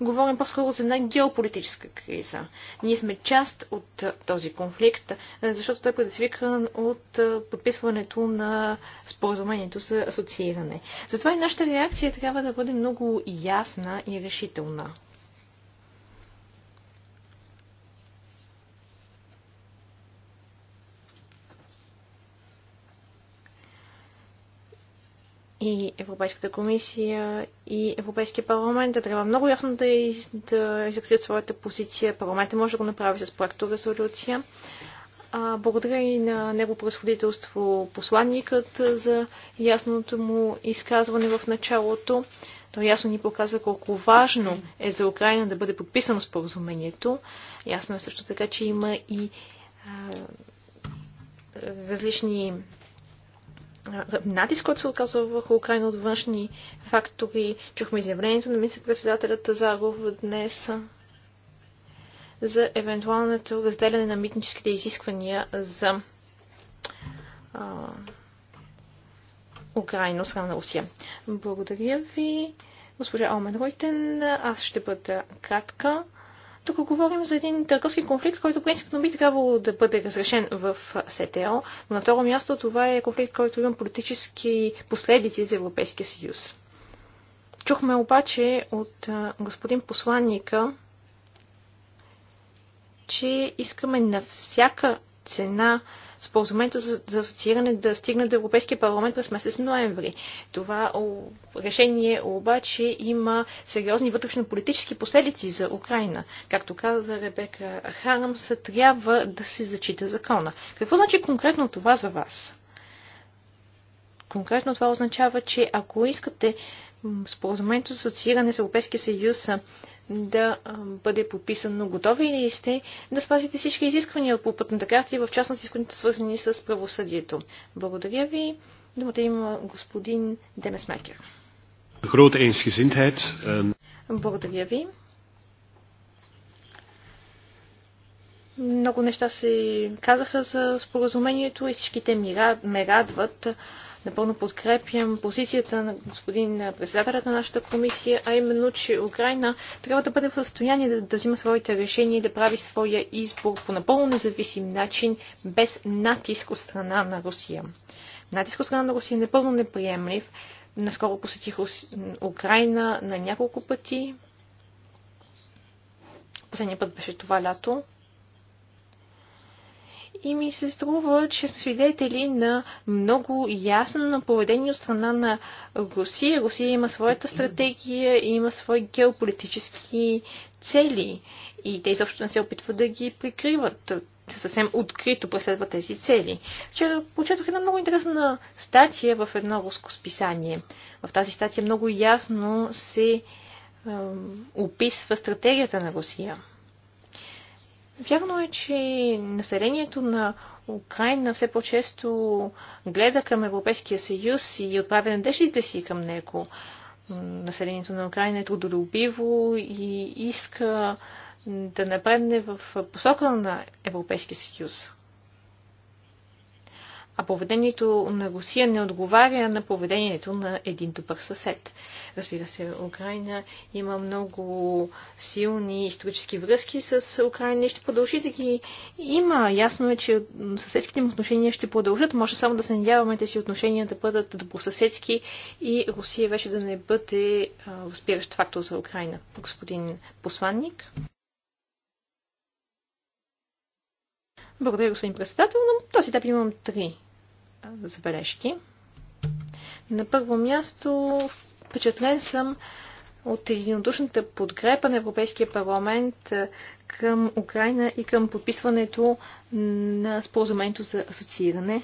говорим по-скоро за една геополитическа криза. Ние сме част от този конфликт, защото той е предизвикан от подписването на споразумението за асоцииране. Затова и нашата реакция трябва да бъде много ясна и решителна. и Европейската комисия и Европейския парламент. Да трябва много ясно да, из, да изразят своята позиция. Парламентът може да го направи с проекто резолюция. А, благодаря и на него происходителство посланникът за ясното му изказване в началото. Той ясно ни показа колко важно е за Украина да бъде подписано споразумението. Ясно е също така, че има и а, различни натиск, който се оказва върху Украина от външни фактори. Чухме изявлението на министър председателя Тазаров днес за евентуалното разделяне на митническите изисквания за а, Украина страна на Русия. Благодаря ви, госпожа Омен Ройтен. Аз ще бъда кратка. Тук говорим за един търговски конфликт, който принципно би трябвало да бъде разрешен в СТО, но на второ място това е конфликт, който има политически последици за Европейския съюз. Чухме обаче от господин посланника, че искаме на всяка цена споразумението за, за асоцииране да стигне до Европейския парламент през месец ноември. Това решение обаче има сериозни вътрешно-политически последици за Украина. Както каза Ребека Харамс, трябва да се зачита закона. Какво значи конкретно това за вас? Конкретно това означава, че ако искате споразумението за асоцииране с Европейския съюз да бъде подписано. Готови ли сте да спазите всички изисквания по пътната карта и в частност изискванията свързани с правосъдието? Благодаря ви. Думата има господин Демесмекер. Благодаря ви. Много неща се казаха за споразумението и всичките ме радват. Напълно подкрепям позицията на господин председателят на нашата комисия, а именно, че Украина трябва да бъде в състояние да, да взима своите решения и да прави своя избор по напълно независим начин, без натиск от страна на Русия. Натиск от страна на Русия е напълно неприемлив. Наскоро посетих Украина на няколко пъти. Последният път беше това лято и ми се струва, че сме свидетели на много ясно поведение от страна на Русия. Русия има своята стратегия и има свои геополитически цели и те изобщо не се опитват да ги прикриват. Те съвсем открито преследват тези цели. Вчера прочетох една много интересна статия в едно руско списание. В тази статия много ясно се описва стратегията на Русия. Вярно е, че населението на Украина все по-често гледа към Европейския съюз и отправя надеждите си към него. Населението на Украина е трудолюбиво и иска да напредне в посока на Европейския съюз а поведението на Русия не отговаря на поведението на един добър съсед. Разбира се, Украина има много силни исторически връзки с Украина и ще продължи да ги има. Ясно е, че съседските му отношения ще продължат. Може само да се надяваме тези отношения да бъдат добросъседски и Русия вече да не бъде възпиращ фактор за Украина. Господин посланник. Благодаря, господин председател, но този етап имам три забележки. На първо място впечатлен съм от единодушната подкрепа на Европейския парламент към Украина и към подписването на споразумението за асоцииране.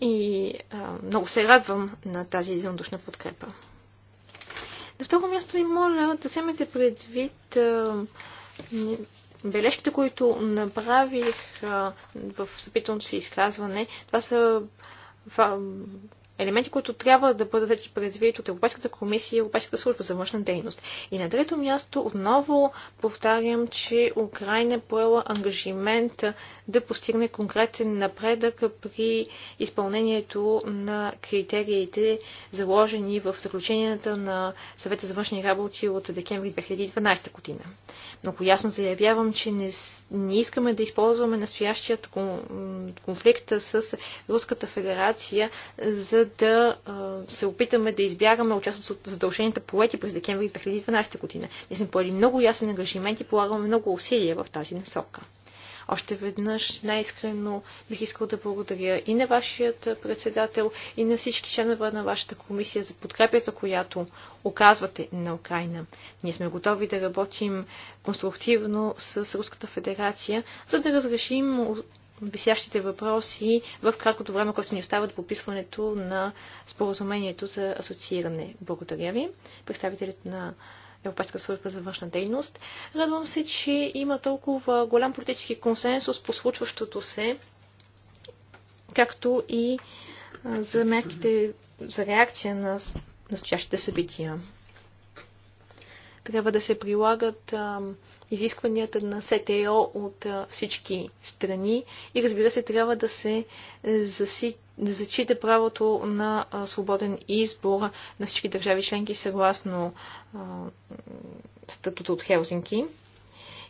И а, много се радвам на тази единодушна подкрепа. На второ място ви моля да вземете предвид бележките, които направих в съпителното си изказване. Това са елементи, които трябва да бъдат взети предвид от Европейската комисия и Европейската служба за външна дейност. И на трето място отново повтарям, че Украина е поела ангажимент да постигне конкретен напредък при изпълнението на критериите, заложени в заключенията на съвета за външни работи от декември 2012 година. Много ясно заявявам, че не, не искаме да използваме настоящият конфликт с Руската федерация за да се опитаме да избягаме от част от задълженията полети през декември 2012 година. Ние сме поели много ясен ангажимент и полагаме много усилия в тази насока. Още веднъж най-искрено бих искал да благодаря и на вашият председател, и на всички членове на вашата комисия за подкрепята, която оказвате на Украина. Ние сме готови да работим конструктивно с Руската федерация, за да разрешим висящите въпроси в краткото време, което ни остава до подписването на споразумението за асоцииране. Благодаря ви, представителите на Европейска служба за външна дейност. Радвам се, че има толкова голям политически консенсус по случващото се, както и за мерките за реакция на настоящите събития. Трябва да се прилагат изискванията на СТО от всички страни и разбира се трябва да се е, зачита правото на свободен избор на всички държави членки съгласно статута от Хелзинки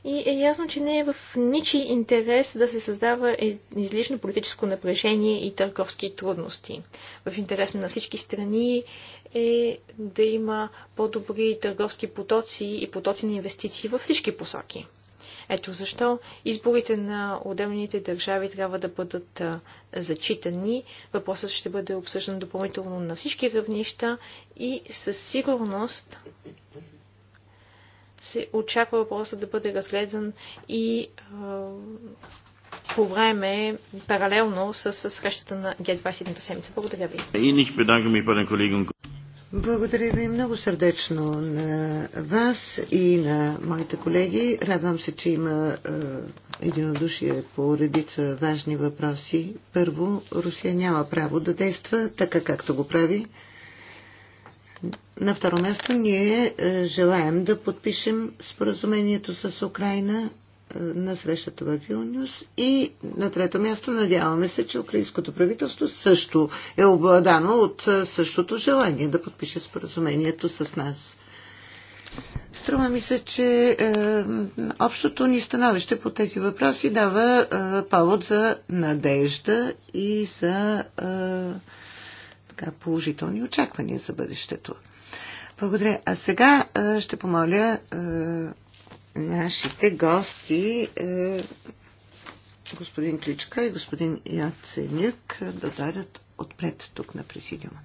и е ясно, че не е в ничи интерес да се създава е, излишно политическо напрежение и търговски трудности. В интерес на всички страни е да има по-добри търговски потоци и потоци на инвестиции във всички посоки. Ето защо изборите на отделните държави трябва да бъдат зачитани. Въпросът ще бъде обсъждан допълнително на всички равнища и със сигурност се очаква въпросът да бъде разгледан и по време, паралелно с срещата на Г20 седмица. Благодаря ви. Благодаря ви много сърдечно на вас и на моите колеги. Радвам се, че има единодушие по редица важни въпроси. Първо, Русия няма право да действа така, както го прави на второ място ние е, желаем да подпишем споразумението с Украина е, на срещата в Вилнюс и на трето място надяваме се, че украинското правителство също е обладано от е, същото желание да подпише споразумението с нас. Струва ми се, че е, общото ни становище по тези въпроси дава е, повод за надежда и за е, така, положителни очаквания за бъдещето. Благодаря. А сега ще помоля нашите гости, господин Кличка и господин Яценюк, да дойдат отпред тук на Пресидиума.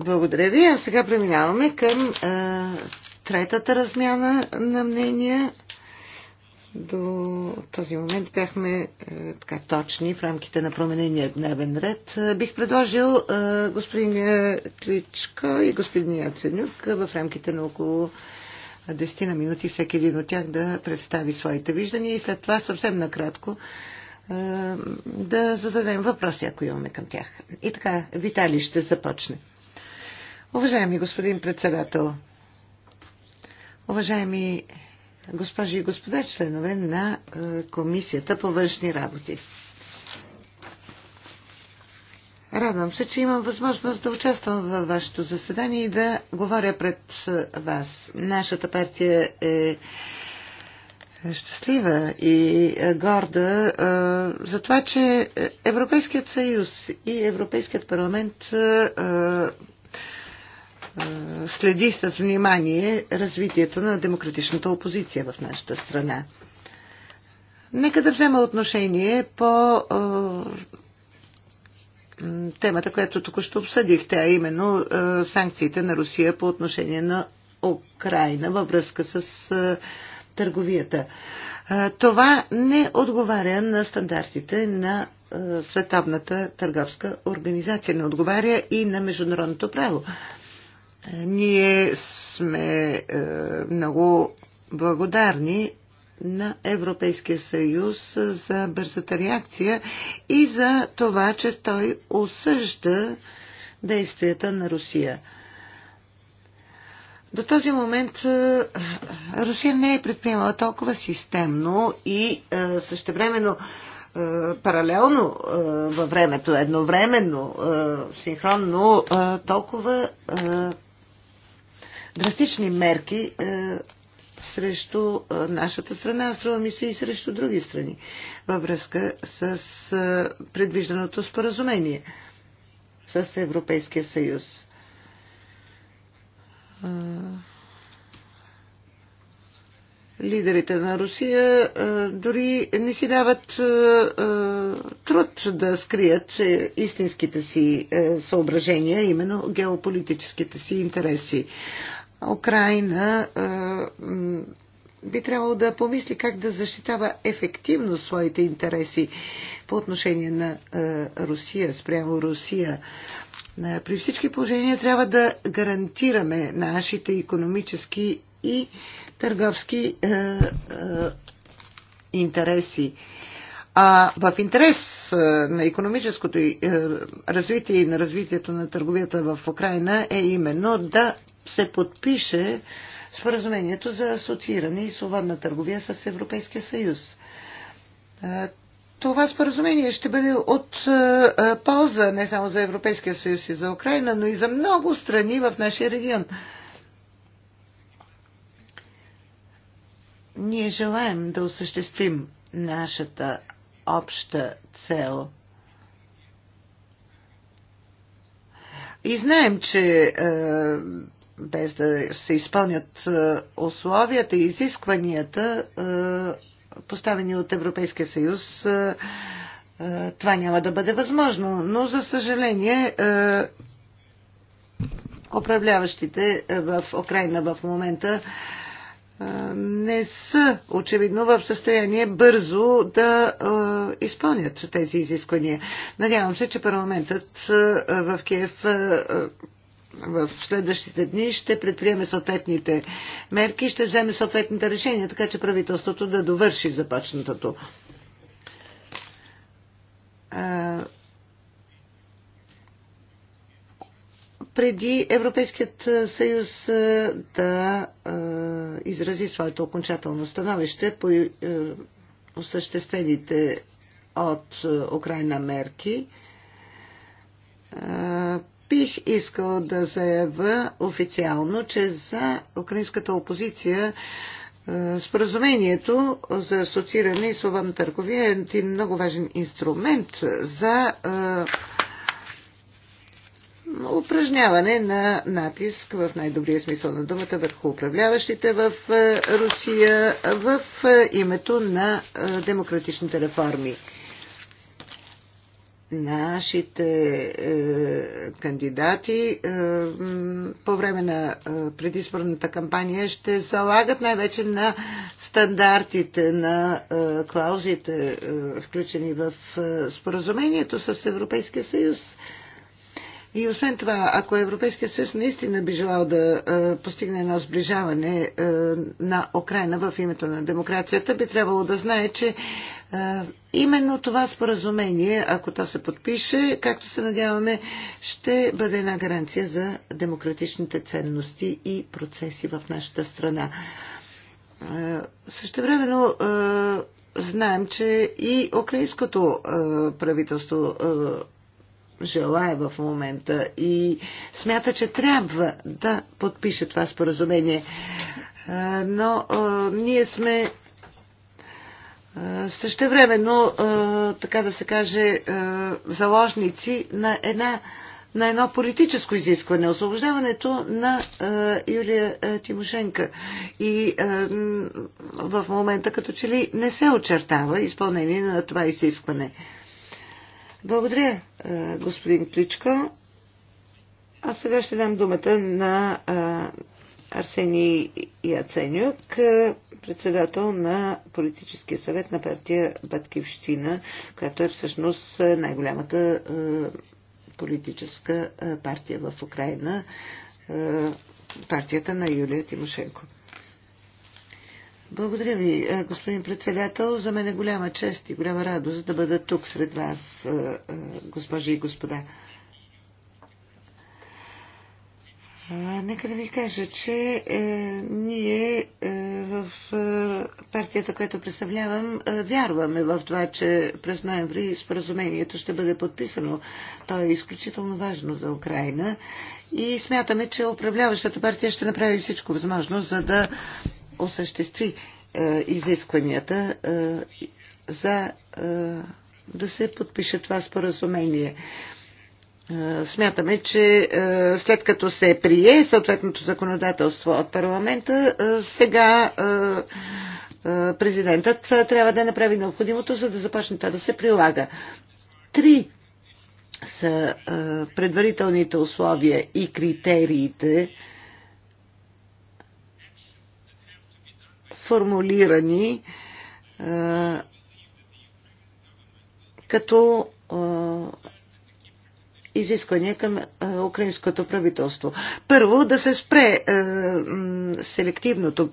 Благодаря ви. А сега преминаваме към а, третата размяна на мнения. До този момент бяхме а, така точни в рамките на променения дневен ред. А, бих предложил а, господин Кличко и господин Яценюк в рамките на около 10 на минути всеки един от тях да представи своите виждания и след това съвсем накратко да зададем въпроси, ако имаме към тях. И така, Виталий ще започне. Уважаеми господин председател, уважаеми госпожи и господа членове на е, Комисията по външни работи. Радвам се, че имам възможност да участвам във вашето заседание и да говоря пред вас. Нашата партия е щастлива и е, горда е, за това, че Европейският съюз и Европейският парламент е, следи с внимание развитието на демократичната опозиция в нашата страна. Нека да взема отношение по темата, която току-що обсъдихте, а именно санкциите на Русия по отношение на Украина във връзка с търговията. Това не отговаря на стандартите на Световната търговска организация, не отговаря и на международното право. Ние сме много благодарни на Европейския съюз за бързата реакция и за това, че той осъжда действията на Русия. До този момент е, Русия не е предприемала толкова системно и е, същевременно е, паралелно във времето, едновременно, синхронно, толкова драстични мерки срещу нашата страна, а струва ми се и срещу други страни, във връзка с предвижданото споразумение с Европейския съюз лидерите на Русия дори не си дават труд да скрият истинските си е, съображения, именно геополитическите си интереси. Украина би трябвало да помисли как да защитава ефективно своите интереси по отношение на е, Русия, спрямо Русия. Е, при всички положения трябва да гарантираме нашите економически и търговски е, е, интереси. А в интерес е, на економическото е, развитие и на развитието на търговията в Украина е именно да се подпише споразумението за асоцииране и свободна търговия с Европейския съюз това споразумение ще бъде от а, е, е, полза не само за Европейския съюз и за Украина, но и за много страни в нашия регион. Ние желаем да осъществим нашата обща цел. И знаем, че а, е, без да се изпълнят условията и изискванията, а, поставени от Европейския съюз, е, е, това няма да бъде възможно. Но, за съжаление, е, управляващите в Украина в момента не са очевидно в състояние бързо да изпълнят тези изисквания. Надявам се, че парламентът в Киев в следващите дни ще предприеме съответните мерки и ще вземе съответните решения, така че правителството да довърши започнатото. преди Европейският съюз да изрази своето окончателно становище по осъществените от Украина мерки Бих искал да заявя официално, че за украинската опозиция е, Споразумението за асоцииране и свободна търговия е един много важен инструмент за е, упражняване на натиск в най-добрия смисъл на думата върху управляващите в е, Русия в името на демократичните реформи нашите е, кандидати е, по време на е, предизборната кампания ще залагат най-вече на стандартите, на е, клаузите, е, включени в е, споразумението с Европейския съюз. Е, и освен това, ако Европейския съюз наистина би желал да постигне едно сближаване на Украина в името на демокрацията, би трябвало да знае, че именно това споразумение, ако то се подпише, както се надяваме, ще бъде една гаранция за демократичните ценности и процеси в нашата страна. също времено. знаем, че и украинското правителство желая в момента и смята, че трябва да подпише това споразумение. Но ние сме същевременно, така да се каже, заложници на една на едно политическо изискване освобождаването на а, Юлия а, Тимошенка. И а, в момента като че ли не се очертава изпълнение на това изискване. Благодаря, е, господин Кличка. А сега ще дам думата на е, Арсений Яценюк, е, председател на политическия съвет на партия Баткивщина, която е всъщност най-голямата политическа партия в Украина, партията на Юлия Тимошенко. Благодаря ви, е, господин председател. За мен е голяма чест и голяма радост да бъда тук сред вас, е, е, госпожи и господа. Нека да ви кажа, че ние в партията, която представлявам, вярваме в това, че през ноември споразумението ще бъде подписано. То е изключително важно за Украина и смятаме, че управляващата партия ще направи всичко възможно, за да осъществи е, изискванията е, за е, да се подпише това споразумение. Смятаме, че след като се прие съответното законодателство от парламента, сега президентът трябва да направи необходимото, за да започне това да се прилага. Три са предварителните условия и критериите, формулирани е, като е, изисквания към е, украинското правителство. Първо, да се спре селективното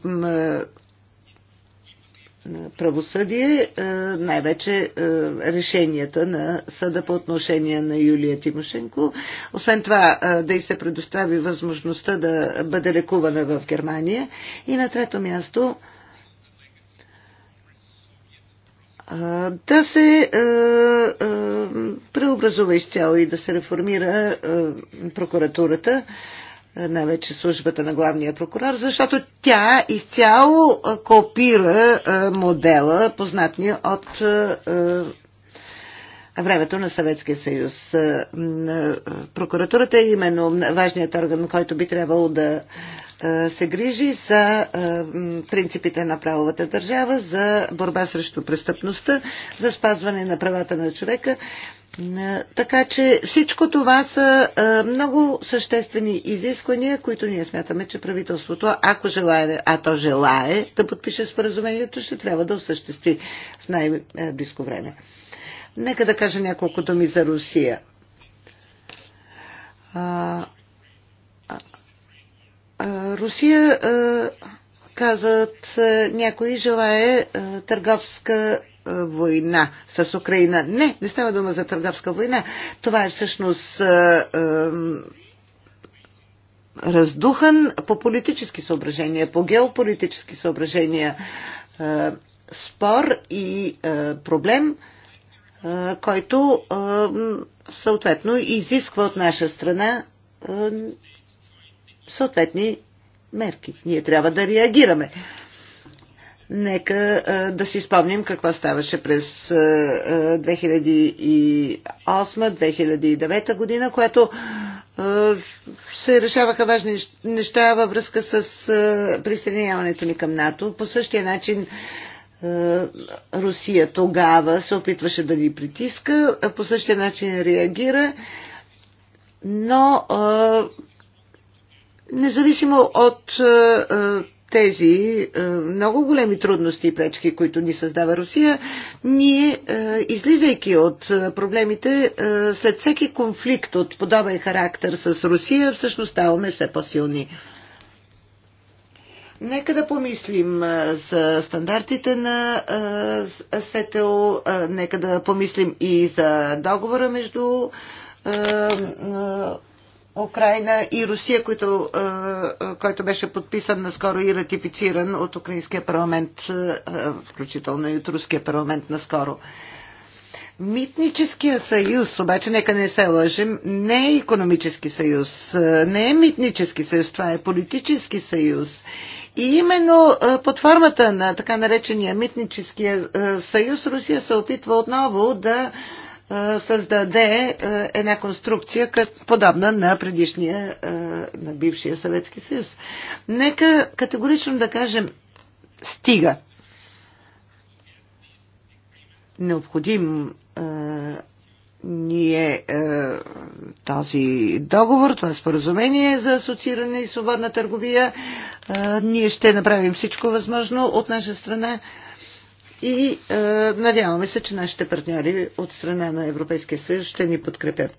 правосъдие, най-вече решенията на съда по отношение на Юлия Тимошенко. Освен това да й се предостави възможността да бъде лекувана в Германия. И на трето място да се преобразува изцяло и да се реформира прокуратурата, най-вече службата на главния прокурор, защото тя изцяло копира модела, познатния от времето на Съветския съюз. Е, е, прокуратурата е именно важният орган, който би трябвало да е, се грижи за принципите на правовата държава, за борба срещу престъпността, за спазване на правата на човека. Така че всичко това са много съществени изисквания, които ние смятаме, че правителството, ако желае, а то желае да подпише споразумението, ще трябва да осъществи в най-близко време. Нека да кажа няколко думи за Русия. А, а, а, Русия, а, казват някои, желае а, търговска война с Украина. Не, не става дума за търговска война. Това е всъщност а, а, раздухан по политически съображения, по геополитически съображения а, спор и а, проблем, а, който съответно изисква от наша страна съответни мерки. Ние трябва да реагираме. Нека да си спомним какво ставаше през 2008-2009 година, което се решаваха важни неща във връзка с присъединяването ни към НАТО. По същия начин е, Русия тогава се опитваше да ни притиска, по същия начин реагира, но е, независимо от е, тези много големи трудности и пречки, които ни създава Русия, ние, излизайки от проблемите, след всеки конфликт от подобен характер с Русия, всъщност ставаме все по-силни. Нека да помислим за стандартите на СТО, нека да помислим и за договора между Украина и Русия, който, който беше подписан наскоро и ратифициран от Украинския парламент, включително и от Руския парламент наскоро. Митническия съюз, обаче нека не се лъжим, не е економически съюз, не е митнически съюз, това е политически съюз. И именно под формата на така наречения митническия съюз Русия се опитва отново да създаде една конструкция, подобна на предишния, на бившия Съветски съюз. Нека категорично да кажем, стига необходим е, ние е, този договор, това споразумение за асоцииране и свободна търговия. Е, ние ще направим всичко възможно от наша страна и е, надяваме се, че нашите партньори от страна на Европейския съюз ще ни подкрепят.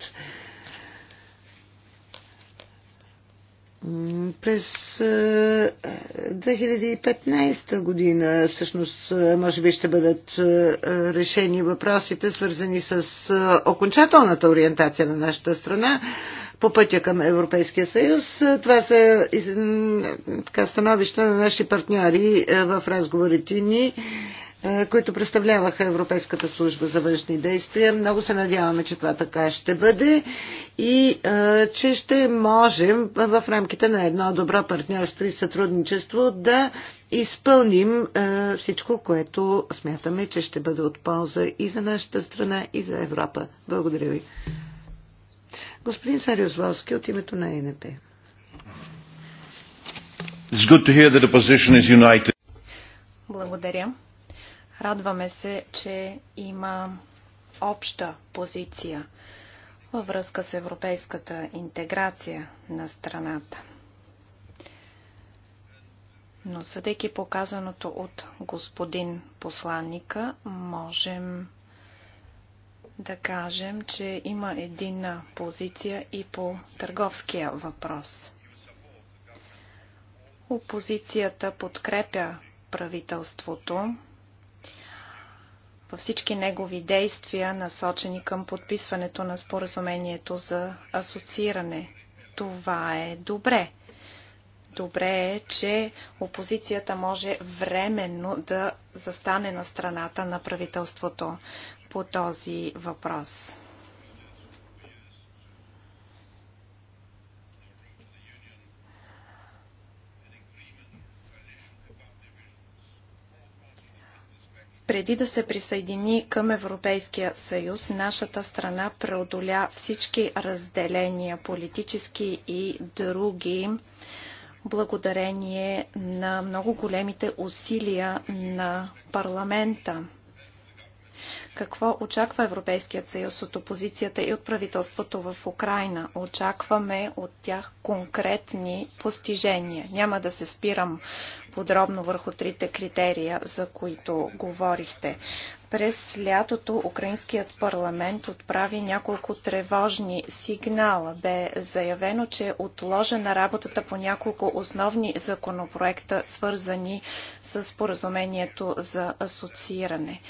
През 2015 година всъщност може би ще бъдат решени въпросите, свързани с окончателната ориентация на нашата страна по пътя към Европейския съюз. Това са така, становища на наши партньори в разговорите ни е, които представляваха Европейската служба за външни действия. Много се надяваме, че това така ще бъде и е, че ще можем в рамките на едно добро партньорство и сътрудничество да изпълним е, всичко, което смятаме, че ще бъде от полза и за нашата страна, и за Европа. Благодаря ви. Господин Сариус Волски от името на ЕНП. Благодаря. Радваме се, че има обща позиция във връзка с европейската интеграция на страната. Но съдейки показаното от господин посланника, можем да кажем, че има единна позиция и по търговския въпрос. Опозицията подкрепя правителството във всички негови действия, насочени към подписването на споразумението за асоцииране. Това е добре. Добре е, че опозицията може временно да застане на страната на правителството по този въпрос. преди да се присъедини към Европейския съюз, нашата страна преодоля всички разделения, политически и други, благодарение на много големите усилия на парламента. Какво очаква Европейският съюз от опозицията и от правителството в Украина? Очакваме от тях конкретни постижения. Няма да се спирам подробно върху трите критерия, за които говорихте. През лятото украинският парламент отправи няколко тревожни сигнала. Бе заявено, че е отложена работата по няколко основни законопроекта, свързани с поразумението за асоцииране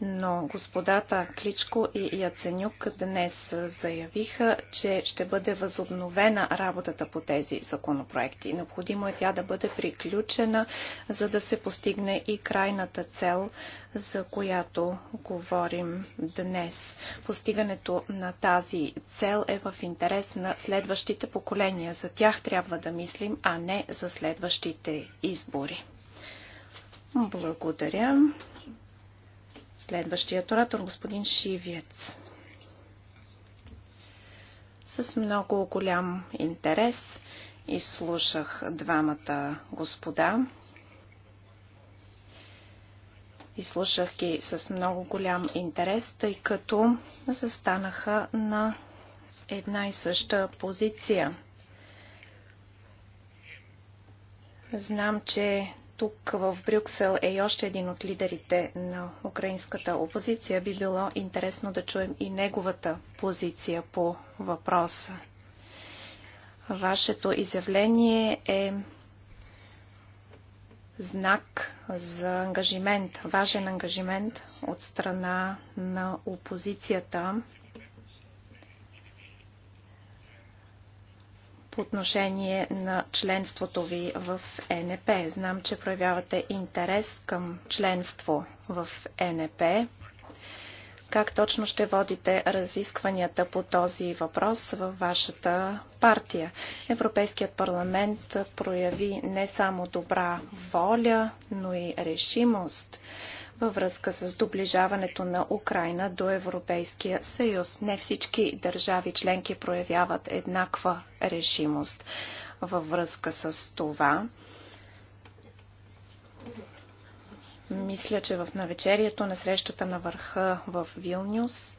но господата Кличко и Яценюк днес заявиха, че ще бъде възобновена работата по тези законопроекти. Необходимо е тя да бъде приключена, за да се постигне и крайната цел, за която говорим днес. Постигането на тази цел е в интерес на следващите поколения. За тях трябва да мислим, а не за следващите избори. Благодаря. Следващият оратор, господин Шивиец. С много голям интерес изслушах двамата господа. Изслушах ги с много голям интерес, тъй като застанаха на една и съща позиция. Знам, че тук в Брюксел е и още един от лидерите на украинската опозиция. Би било интересно да чуем и неговата позиция по въпроса. Вашето изявление е знак за ангажимент, важен ангажимент от страна на опозицията по отношение на членството ви в ЕНП. Знам, че проявявате интерес към членство в ЕНП. Как точно ще водите разискванията по този въпрос във вашата партия? Европейският парламент прояви не само добра воля, но и решимост във връзка с доближаването на Украина до Европейския съюз. Не всички държави членки проявяват еднаква решимост във връзка с това. Мисля, че в навечерието на срещата на върха в Вилнюс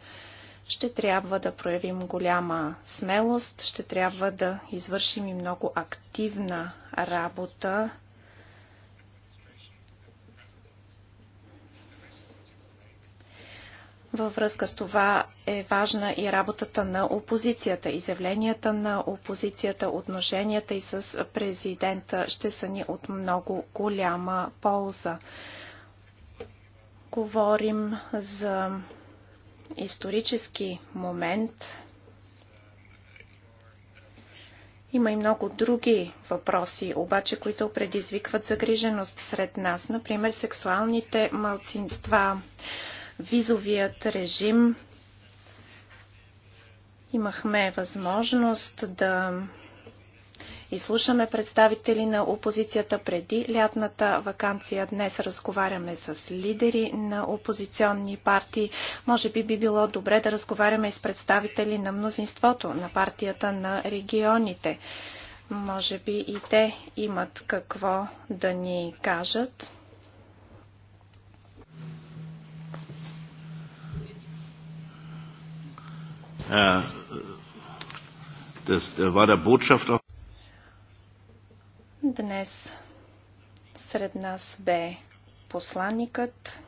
ще трябва да проявим голяма смелост, ще трябва да извършим и много активна работа Във връзка с това е важна и работата на опозицията. Изявленията на опозицията, отношенията и с президента ще са ни от много голяма полза. Говорим за исторически момент. Има и много други въпроси, обаче, които предизвикват загриженост сред нас. Например, сексуалните малцинства визовият режим. Имахме възможност да изслушаме представители на опозицията преди лятната вакансия. Днес разговаряме с лидери на опозиционни партии. Може би би било добре да разговаряме и с представители на мнозинството, на партията на регионите. Може би и те имат какво да ни кажат. Äh, das war der Botschafter. Днес сред нас бе посланникът.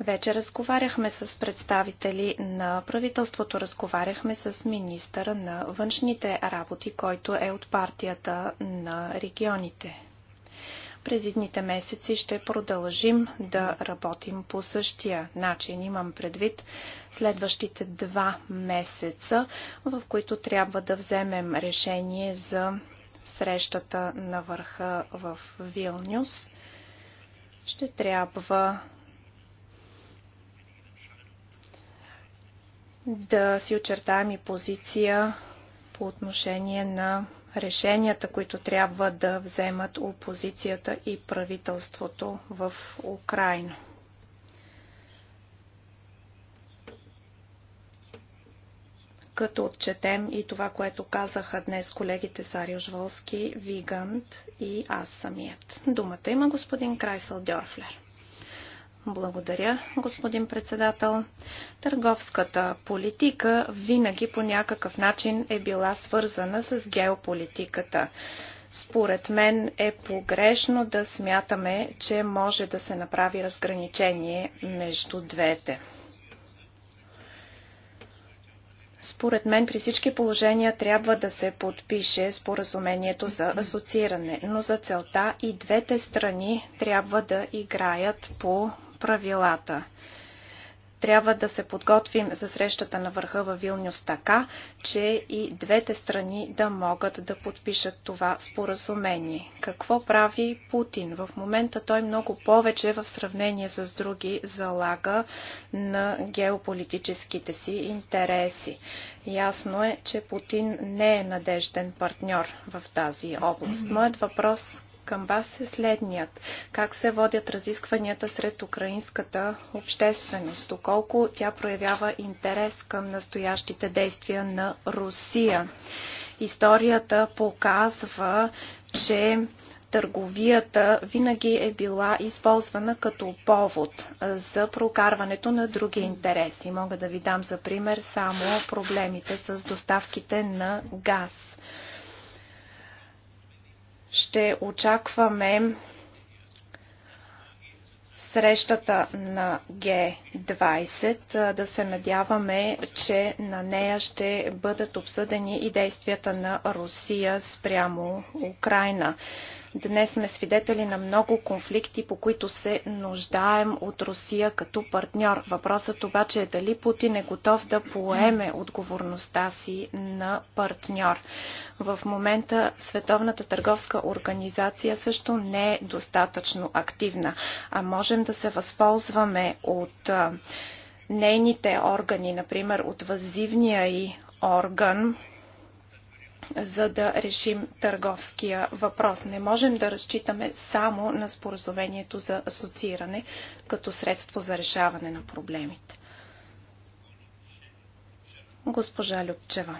Вече разговаряхме с представители на правителството, разговаряхме с министъра на външните работи, който е от партията на регионите. През едните месеци ще продължим да работим по същия начин. Имам предвид следващите два месеца, в които трябва да вземем решение за срещата на върха в Вилнюс. Ще трябва да си очертаем и позиция по отношение на решенията, които трябва да вземат опозицията и правителството в Украина. Като отчетем и това, което казаха днес колегите Сарио Жволски, Вигант и аз самият. Думата има господин Крайсъл Дьорфлер. Благодаря, господин председател. Търговската политика винаги по някакъв начин е била свързана с геополитиката. Според мен е погрешно да смятаме, че може да се направи разграничение между двете. Според мен при всички положения трябва да се подпише споразумението за асоцииране, но за целта и двете страни трябва да играят по правилата. Трябва да се подготвим за срещата на върха във Вилнюс така, че и двете страни да могат да подпишат това споразумение. Какво прави Путин? В момента той много повече в сравнение с други залага на геополитическите си интереси. Ясно е, че Путин не е надежден партньор в тази област. Моят въпрос към вас е следният. Как се водят разискванията сред украинската общественост? Доколко тя проявява интерес към настоящите действия на Русия? Историята показва, че търговията винаги е била използвана като повод за прокарването на други интереси. Мога да ви дам за пример само проблемите с доставките на газ ще очакваме срещата на Г20. Да се надяваме, че на нея ще бъдат обсъдени и действията на Русия спрямо Украина. Днес сме свидетели на много конфликти, по които се нуждаем от Русия като партньор. Въпросът обаче е дали Путин е готов да поеме отговорността си на партньор. В момента Световната търговска организация също не е достатъчно активна, а можем да се възползваме от нейните органи, например от въззивния и орган, за да решим търговския въпрос. Не можем да разчитаме само на споразумението за асоцииране като средство за решаване на проблемите. Госпожа Любчева.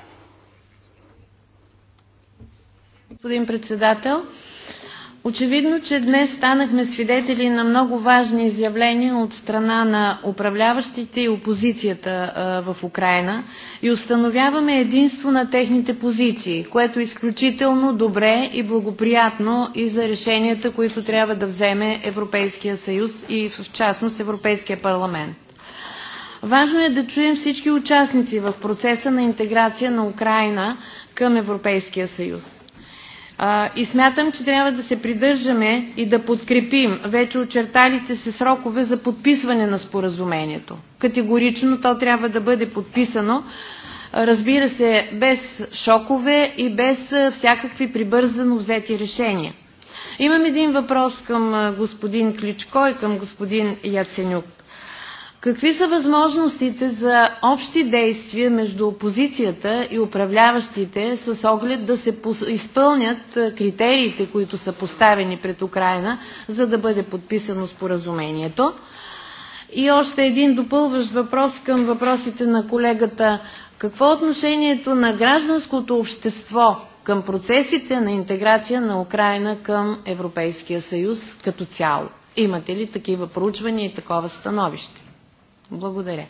Господин председател, Очевидно, че днес станахме свидетели на много важни изявления от страна на управляващите и опозицията в Украина и установяваме единство на техните позиции, което е изключително добре и благоприятно и за решенията, които трябва да вземе Европейския съюз и в частност Европейския парламент. Важно е да чуем всички участници в процеса на интеграция на Украина към Европейския съюз. И смятам, че трябва да се придържаме и да подкрепим вече очерталите се срокове за подписване на споразумението. Категорично то трябва да бъде подписано, разбира се, без шокове и без всякакви прибързано взети решения. Имам един въпрос към господин Кличко и към господин Яценюк. Какви са възможностите за общи действия между опозицията и управляващите с оглед да се изпълнят критериите, които са поставени пред Украина, за да бъде подписано споразумението? И още един допълващ въпрос към въпросите на колегата. Какво е отношението на гражданското общество към процесите на интеграция на Украина към Европейския съюз като цяло? Имате ли такива проучвания и такова становище? Благодаря.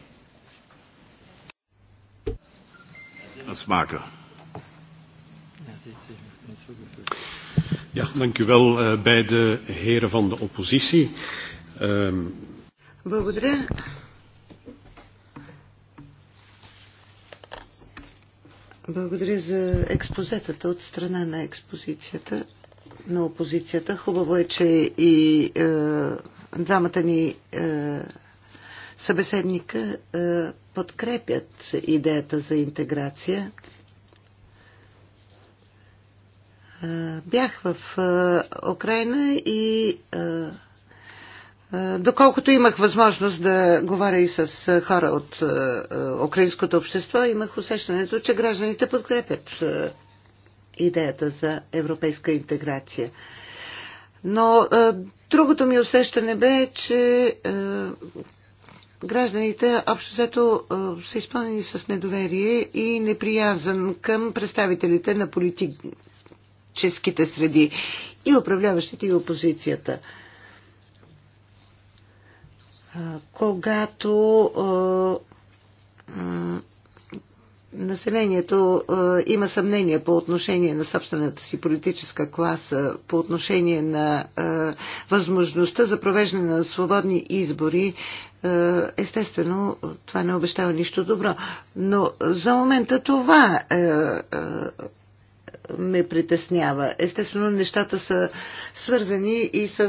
Ja, dank u wel uh, eh, beide heren van de oppositie. Um... Благодаря. Благодаря за експозетата от страна на експозицията, на опозицията. Хубаво е, че и е, двамата ни е, събеседника е, подкрепят идеята за интеграция. Е, бях в е, Украина и доколкото имах възможност да говоря и с хора от украинското общество, имах усещането, че гражданите подкрепят идеята за европейска интеграция. Но другото ми усещане бе, че гражданите общо взето са изпълнени с недоверие и неприязан към представителите на политическите среди и управляващите и опозицията. Когато населението е, има съмнение по отношение на собствената си политическа класа, по отношение на е, възможността за провеждане на свободни избори, е, естествено това не обещава нищо добро. Но за момента това ме притеснява. Естествено, нещата са свързани и с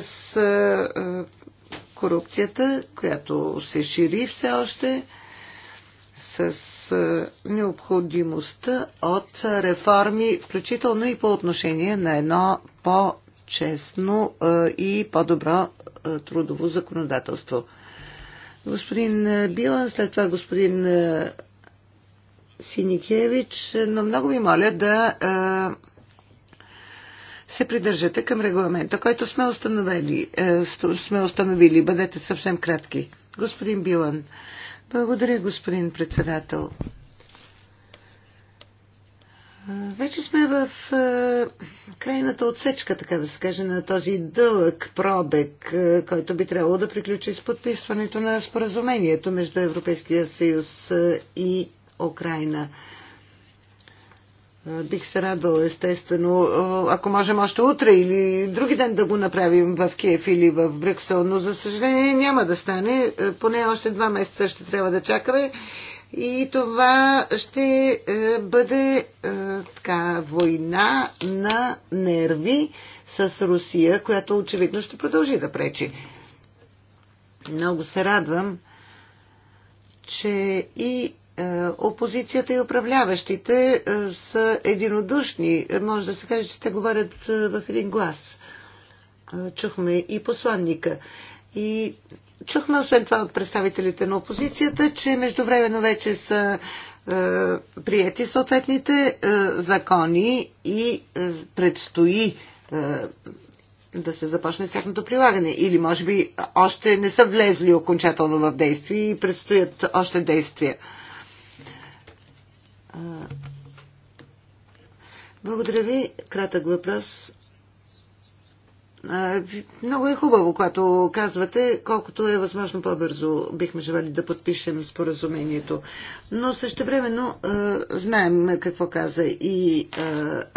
корупцията, която се шири все още с е, необходимостта от реформи, включително и по отношение на едно по-честно е, и по-добро е, трудово законодателство. Господин Билан, след това господин Синикевич, но много ви моля да се придържате към регламента, който сме установили. Сме установили. Бъдете съвсем кратки. Господин Билан, благодаря, господин председател. Вече сме в крайната отсечка, така да се каже, на този дълъг пробег, който би трябвало да приключи с подписването на споразумението между Европейския съюз и Украина. Бих се радвала, естествено, ако можем още утре или други ден да го направим в Киев или в Брюксел, но за съжаление няма да стане. Поне още два месеца ще трябва да чакаме. И това ще бъде така война на нерви с Русия, която очевидно ще продължи да пречи. Много се радвам, че и е, опозицията и управляващите е, са единодушни. Може да се каже, че те говорят е, в един глас. Чухме и посланника. И чухме освен това от представителите на опозицията, че междувременно вече са прияти съответните закони и предстои да се започне с тяхното прилагане. Или може би още не са влезли окончателно в действие и предстоят още действия. Благодаря ви. Кратък въпрос. Много е хубаво, когато казвате, колкото е възможно по-бързо бихме желали да подпишем споразумението. Но същевременно е, знаем какво каза и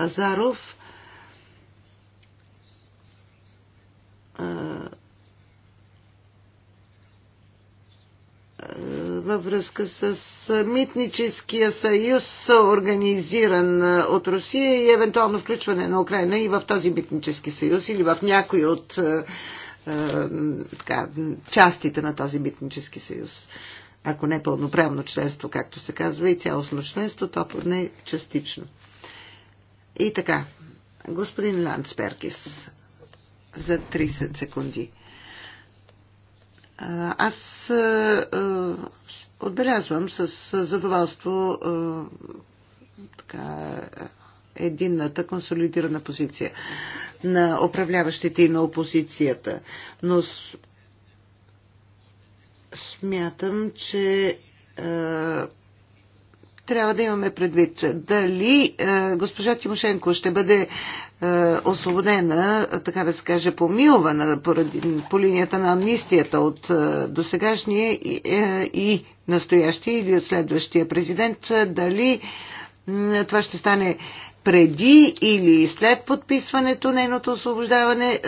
Азаров. във връзка с митническия съюз, организиран от Русия и евентуално включване на Украина и в този митнически съюз или в някои от така, частите на този митнически съюз. Ако не пълноправно членство, както се казва, и цялостно членство, то е частично. И така, господин Ланцперкис, за 30 секунди. Аз отбелязвам с задоволство така, единната консолидирана позиция на управляващите и на опозицията. Но смятам, че трябва да имаме предвид дали е, госпожа Тимошенко ще бъде е, освободена, така да се каже, помилвана поради, по линията на амнистията от е, досегашния и, е, и настоящия или от следващия президент, е, дали е, това ще стане преди или след подписването нейното освобождаване. Е,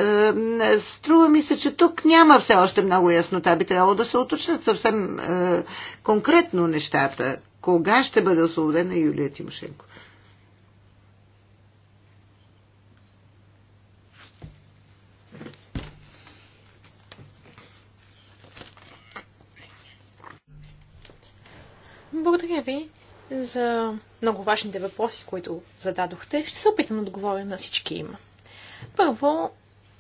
струва ми се, че тук няма все още много яснота. Би трябвало да се уточнят съвсем е, конкретно нещата. Кога ще бъде освободена Юлия Тимошенко? Благодаря ви за много важните въпроси, които зададохте. Ще се опитам да отговоря на всички им. Първо,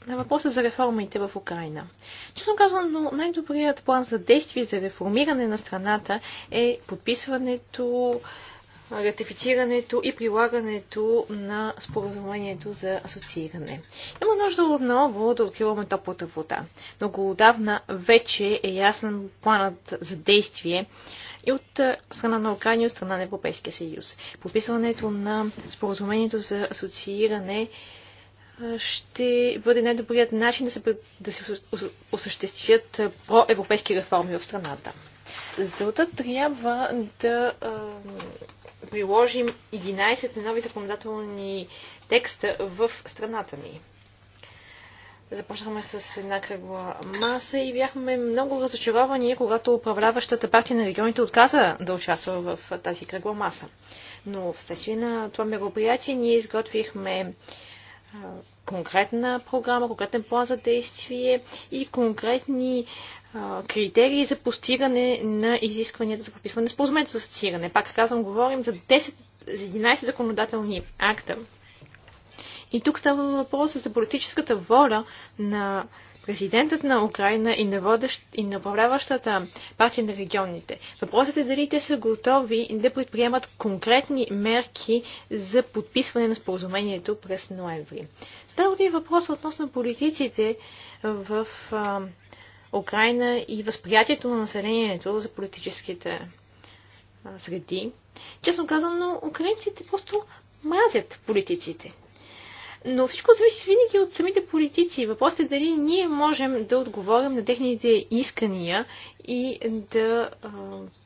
на въпроса за реформите в Украина. Честно казано, най-добрият план за действие за реформиране на страната е подписването, ратифицирането и прилагането на споразумението за асоцииране. Няма нужда отново да откриваме топлата вода. Много отдавна вече е ясен планът за действие и от страна на Украина и от страна на Европейския съюз. Подписването на споразумението за асоцииране ще бъде най-добрият начин да се, да се осъществят проевропейски реформи в страната. За целта трябва да а, приложим 11 нови законодателни текста в страната ни. Започнахме с една кръгла маса и бяхме много разочаровани, когато управляващата партия на регионите отказа да участва в тази кръгла маса. Но вследствие на това мероприятие ние изготвихме конкретна програма, конкретен план за действие и конкретни критерии за постигане на изискванията за подписване на споразумението за асоцииране. Пак казвам, говорим за 10, за 11 законодателни акта. И тук става въпрос за политическата воля на президентът на Украина и на, водещ, и на управляващата партия на регионите. Въпросът е дали те са готови да предприемат конкретни мерки за подписване на споразумението през ноември. Става и въпрос относно политиците в а, Украина и възприятието на населението за политическите а, среди. Честно казано, украинците просто мразят политиците. Но всичко зависи винаги от самите политици. Въпросът е дали ние можем да отговорим на техните искания и да, а,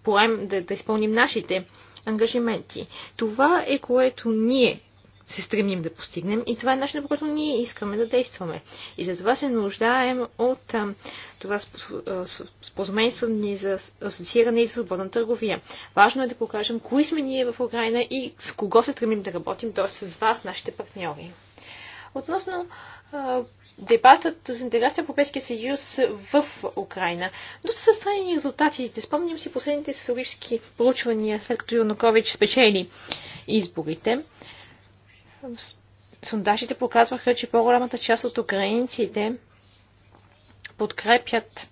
поем, да, да изпълним нашите ангажименти. Това е което ние се стремим да постигнем и това е начинът, по който ние искаме да действаме. И за това се нуждаем от а, това споразумение ни за асоцииране и свободна търговия. Важно е да покажем кои сме ние в Украина и с кого се стремим да работим, т.е. с вас, нашите партньори. Относно а, дебатът за интеграция Европейския съюз в Украина. Доста са странни резултатите. Спомням си последните социологически проучвания, след като Юнакович спечели изборите. Сондажите показваха, че по-голямата част от украинците подкрепят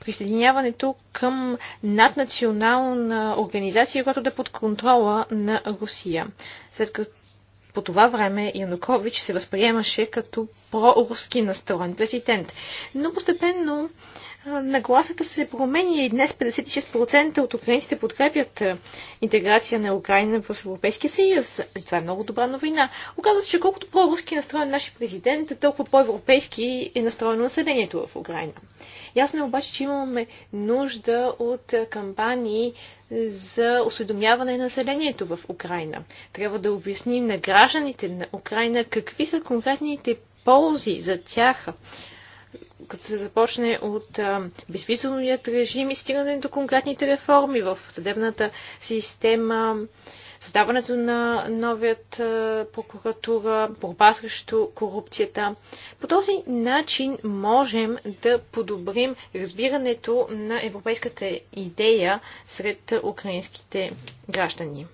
присъединяването към наднационална организация, която да е под контрола на Русия. След като по това време Янукович се възприемаше като проруски настроен президент. Но постепенно нагласата се променя и днес 56% от украинците подкрепят е, интеграция на Украина в Европейския съюз. И това е много добра новина. Оказва се, че колкото по-руски е настроен нашия президент, толкова по-европейски е настроено населението в Украина. Ясно е обаче, че имаме нужда от е, кампании за осведомяване на населението в Украина. Трябва да обясним на гражданите на Украина какви са конкретните ползи за тях като се започне от безвизовният режим и стигане до конкретните реформи в съдебната система, създаването на новият прокуратура, борба срещу корупцията. По този начин можем да подобрим разбирането на европейската идея сред украинските граждани.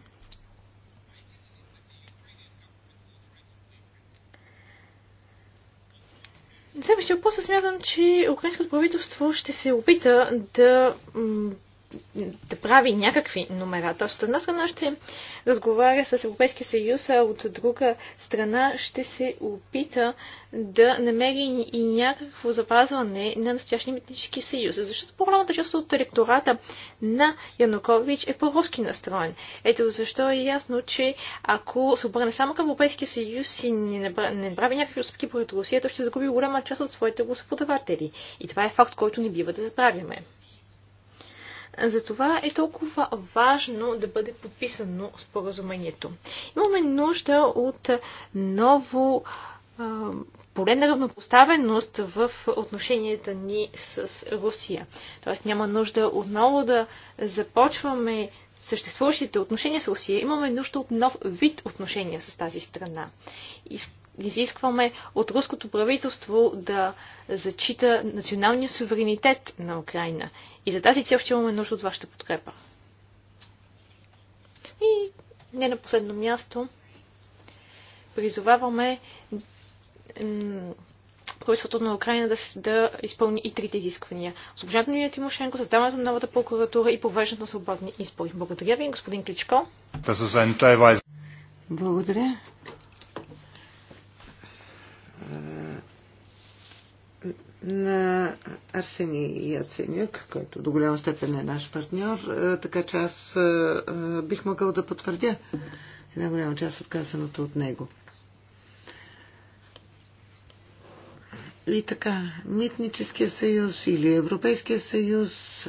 Следващия въпрос смятам, че украинското правителство ще се опита да да прави някакви номера. Тоест, от една страна ще разговаря с Европейския съюз, а от друга страна ще се опита да намери и някакво запазване на настоящия митнически съюз. Защото по-голямата част от ректората на Янукович е по-руски настроен. Ето защо е ясно, че ако се обърне само към Европейския съюз и не направи някакви успехи пред Русия, то ще загуби голяма част от своите господаватели. И това е факт, който не бива да забравяме. Затова е толкова важно да бъде подписано споразумението. Имаме нужда от ново поле на равнопоставеност в отношенията ни с Русия. Тоест няма нужда отново да започваме съществуващите отношения с Русия. Имаме нужда от нов вид отношения с тази страна изискваме от руското правителство да зачита националния суверенитет на Украина. И за тази цел ще имаме нужда от вашата подкрепа. И не на последно място, призоваваме правителството на Украина да, да изпълни и трите изисквания. Освобождането на е Тимошенко, създаването на новата прокуратура и провеждането на свободни избори. Благодаря ви, господин Кличко. Благодаря. на Арсений Яценюк, който до голяма степен е наш партньор, е, така че аз е, е, бих могъл да потвърдя една голяма част от казаното от него. И така, Митническия съюз или Европейския съюз,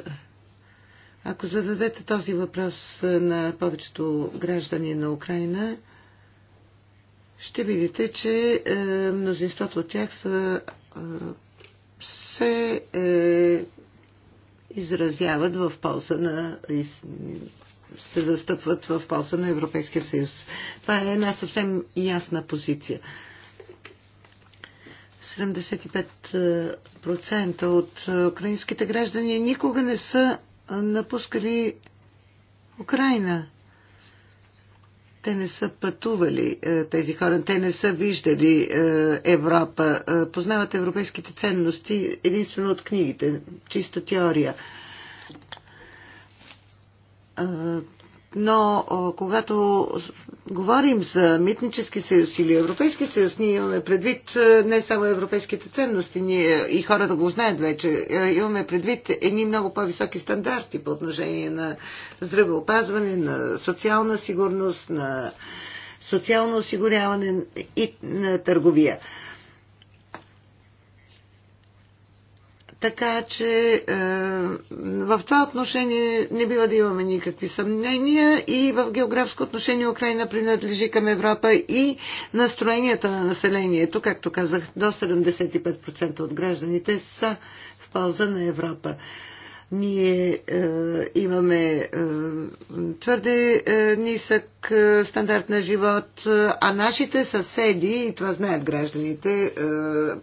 ако зададете този въпрос на повечето граждани на Украина, ще видите, че мнозинството от тях са се е, изразяват в полза на се застъпват в полза на Европейския съюз. Това е една съвсем ясна позиция. 75% от е, украинските граждани никога не са е, напускали Украина. Те не са пътували, е, тези хора, те не са виждали е, Европа, е, познават европейските ценности единствено от книгите, чиста теория но когато говорим за митнически съюз или Европейски съюз, ние имаме предвид не само европейските ценности, ние и хората го знаят вече, имаме предвид едни много по-високи стандарти по отношение на здравеопазване, на социална сигурност, на социално осигуряване и на търговия. Така че е, в това отношение не бива да имаме никакви съмнения и в географско отношение Украина принадлежи към Европа и настроенията на населението, както казах, до 75% от гражданите са в полза на Европа. Ние е, имаме е, твърде е, нисък е, стандарт на живот, е, а нашите съседи, и това знаят гражданите, е,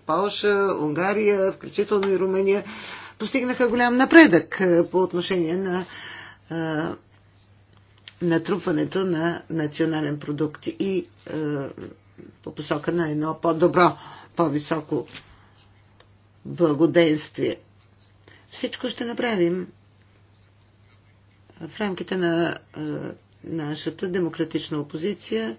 Полша, Унгария, включително и Румъния, постигнаха голям напредък е, по отношение на е, натрупването на национален продукт и е, по посока на едно по-добро, по-високо благоденствие. Всичко ще направим в рамките на е, нашата демократична опозиция,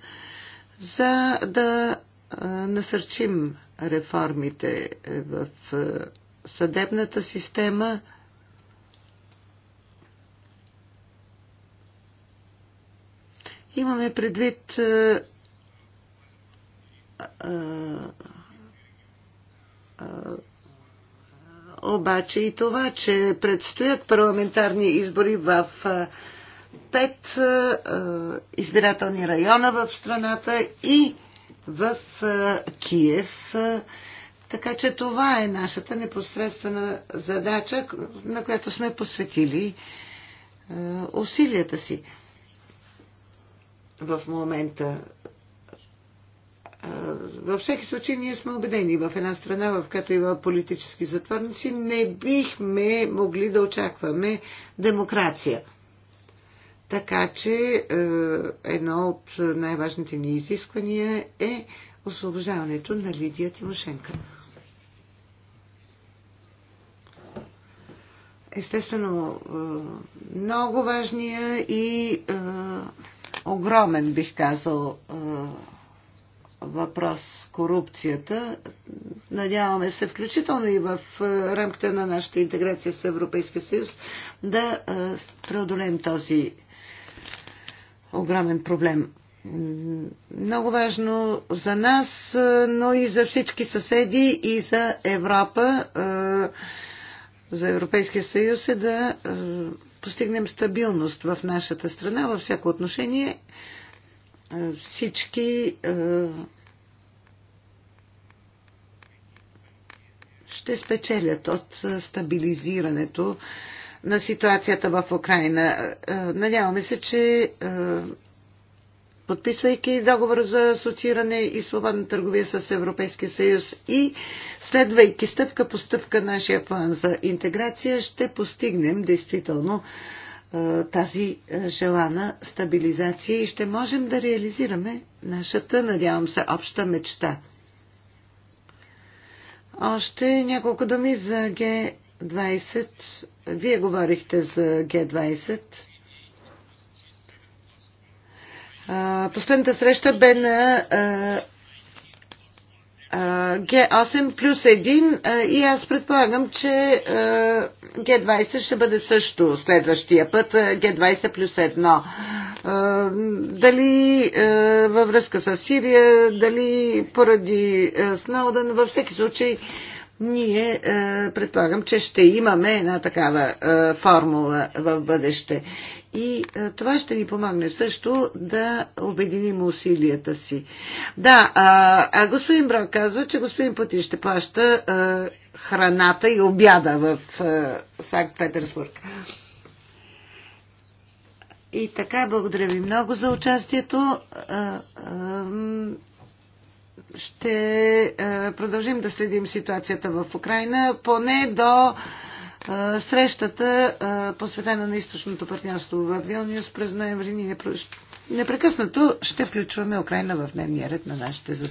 за да е, насърчим реформите в е, съдебната система, имаме предвид а, а, а, обаче и това, че предстоят парламентарни избори в пет избирателни района в страната и в Киев. Така че това е нашата непосредствена задача, на която сме посветили усилията си в момента. Във всеки случай ние сме убедени в една страна, в която има политически затворници, не бихме могли да очакваме демокрация. Така че е, едно от най-важните ни изисквания е освобождаването на Лидия Тимошенка. Естествено, е, много важния и е, огромен, бих казал, въпрос корупцията. Надяваме се, включително и в е, рамките на нашата интеграция с Европейския съюз, да е, преодолеем този огромен проблем. Много важно за нас, е, но и за всички съседи и за Европа, за Европейския съюз е да постигнем стабилност в нашата страна във всяко отношение е, всички е, ще спечелят от е, стабилизирането на ситуацията в Украина. Надяваме се, че подписвайки договор за асоцииране и свободна търговия с Европейския съюз и следвайки стъпка по стъпка нашия план за интеграция, ще постигнем действително е, тази е, желана стабилизация и ще можем да реализираме нашата, надявам се, обща мечта. Още няколко думи за Г20. Вие говорихте за Г20. Е, последната среща бе на г8 плюс 1 и аз предполагам, че Г20 ще бъде също следващия път, Г20 плюс 1. Дали във връзка с Сирия, дали поради Сноуден, във всеки случай ние предполагам, че ще имаме една такава формула в бъдеще. И е, това ще ни помогне също да обединим усилията си. Да, а, а господин Брак казва, че господин Путин ще плаща а, е, храната и обяда в е, Санкт-Петербург. И така, благодаря ви много за участието. Ще продължим да следим ситуацията в Украина поне до Срещата, посветена на източното партньорство в Вилниус през ноември, ние непрекъснато ще включваме Украина в дневния ред на нашите заседания.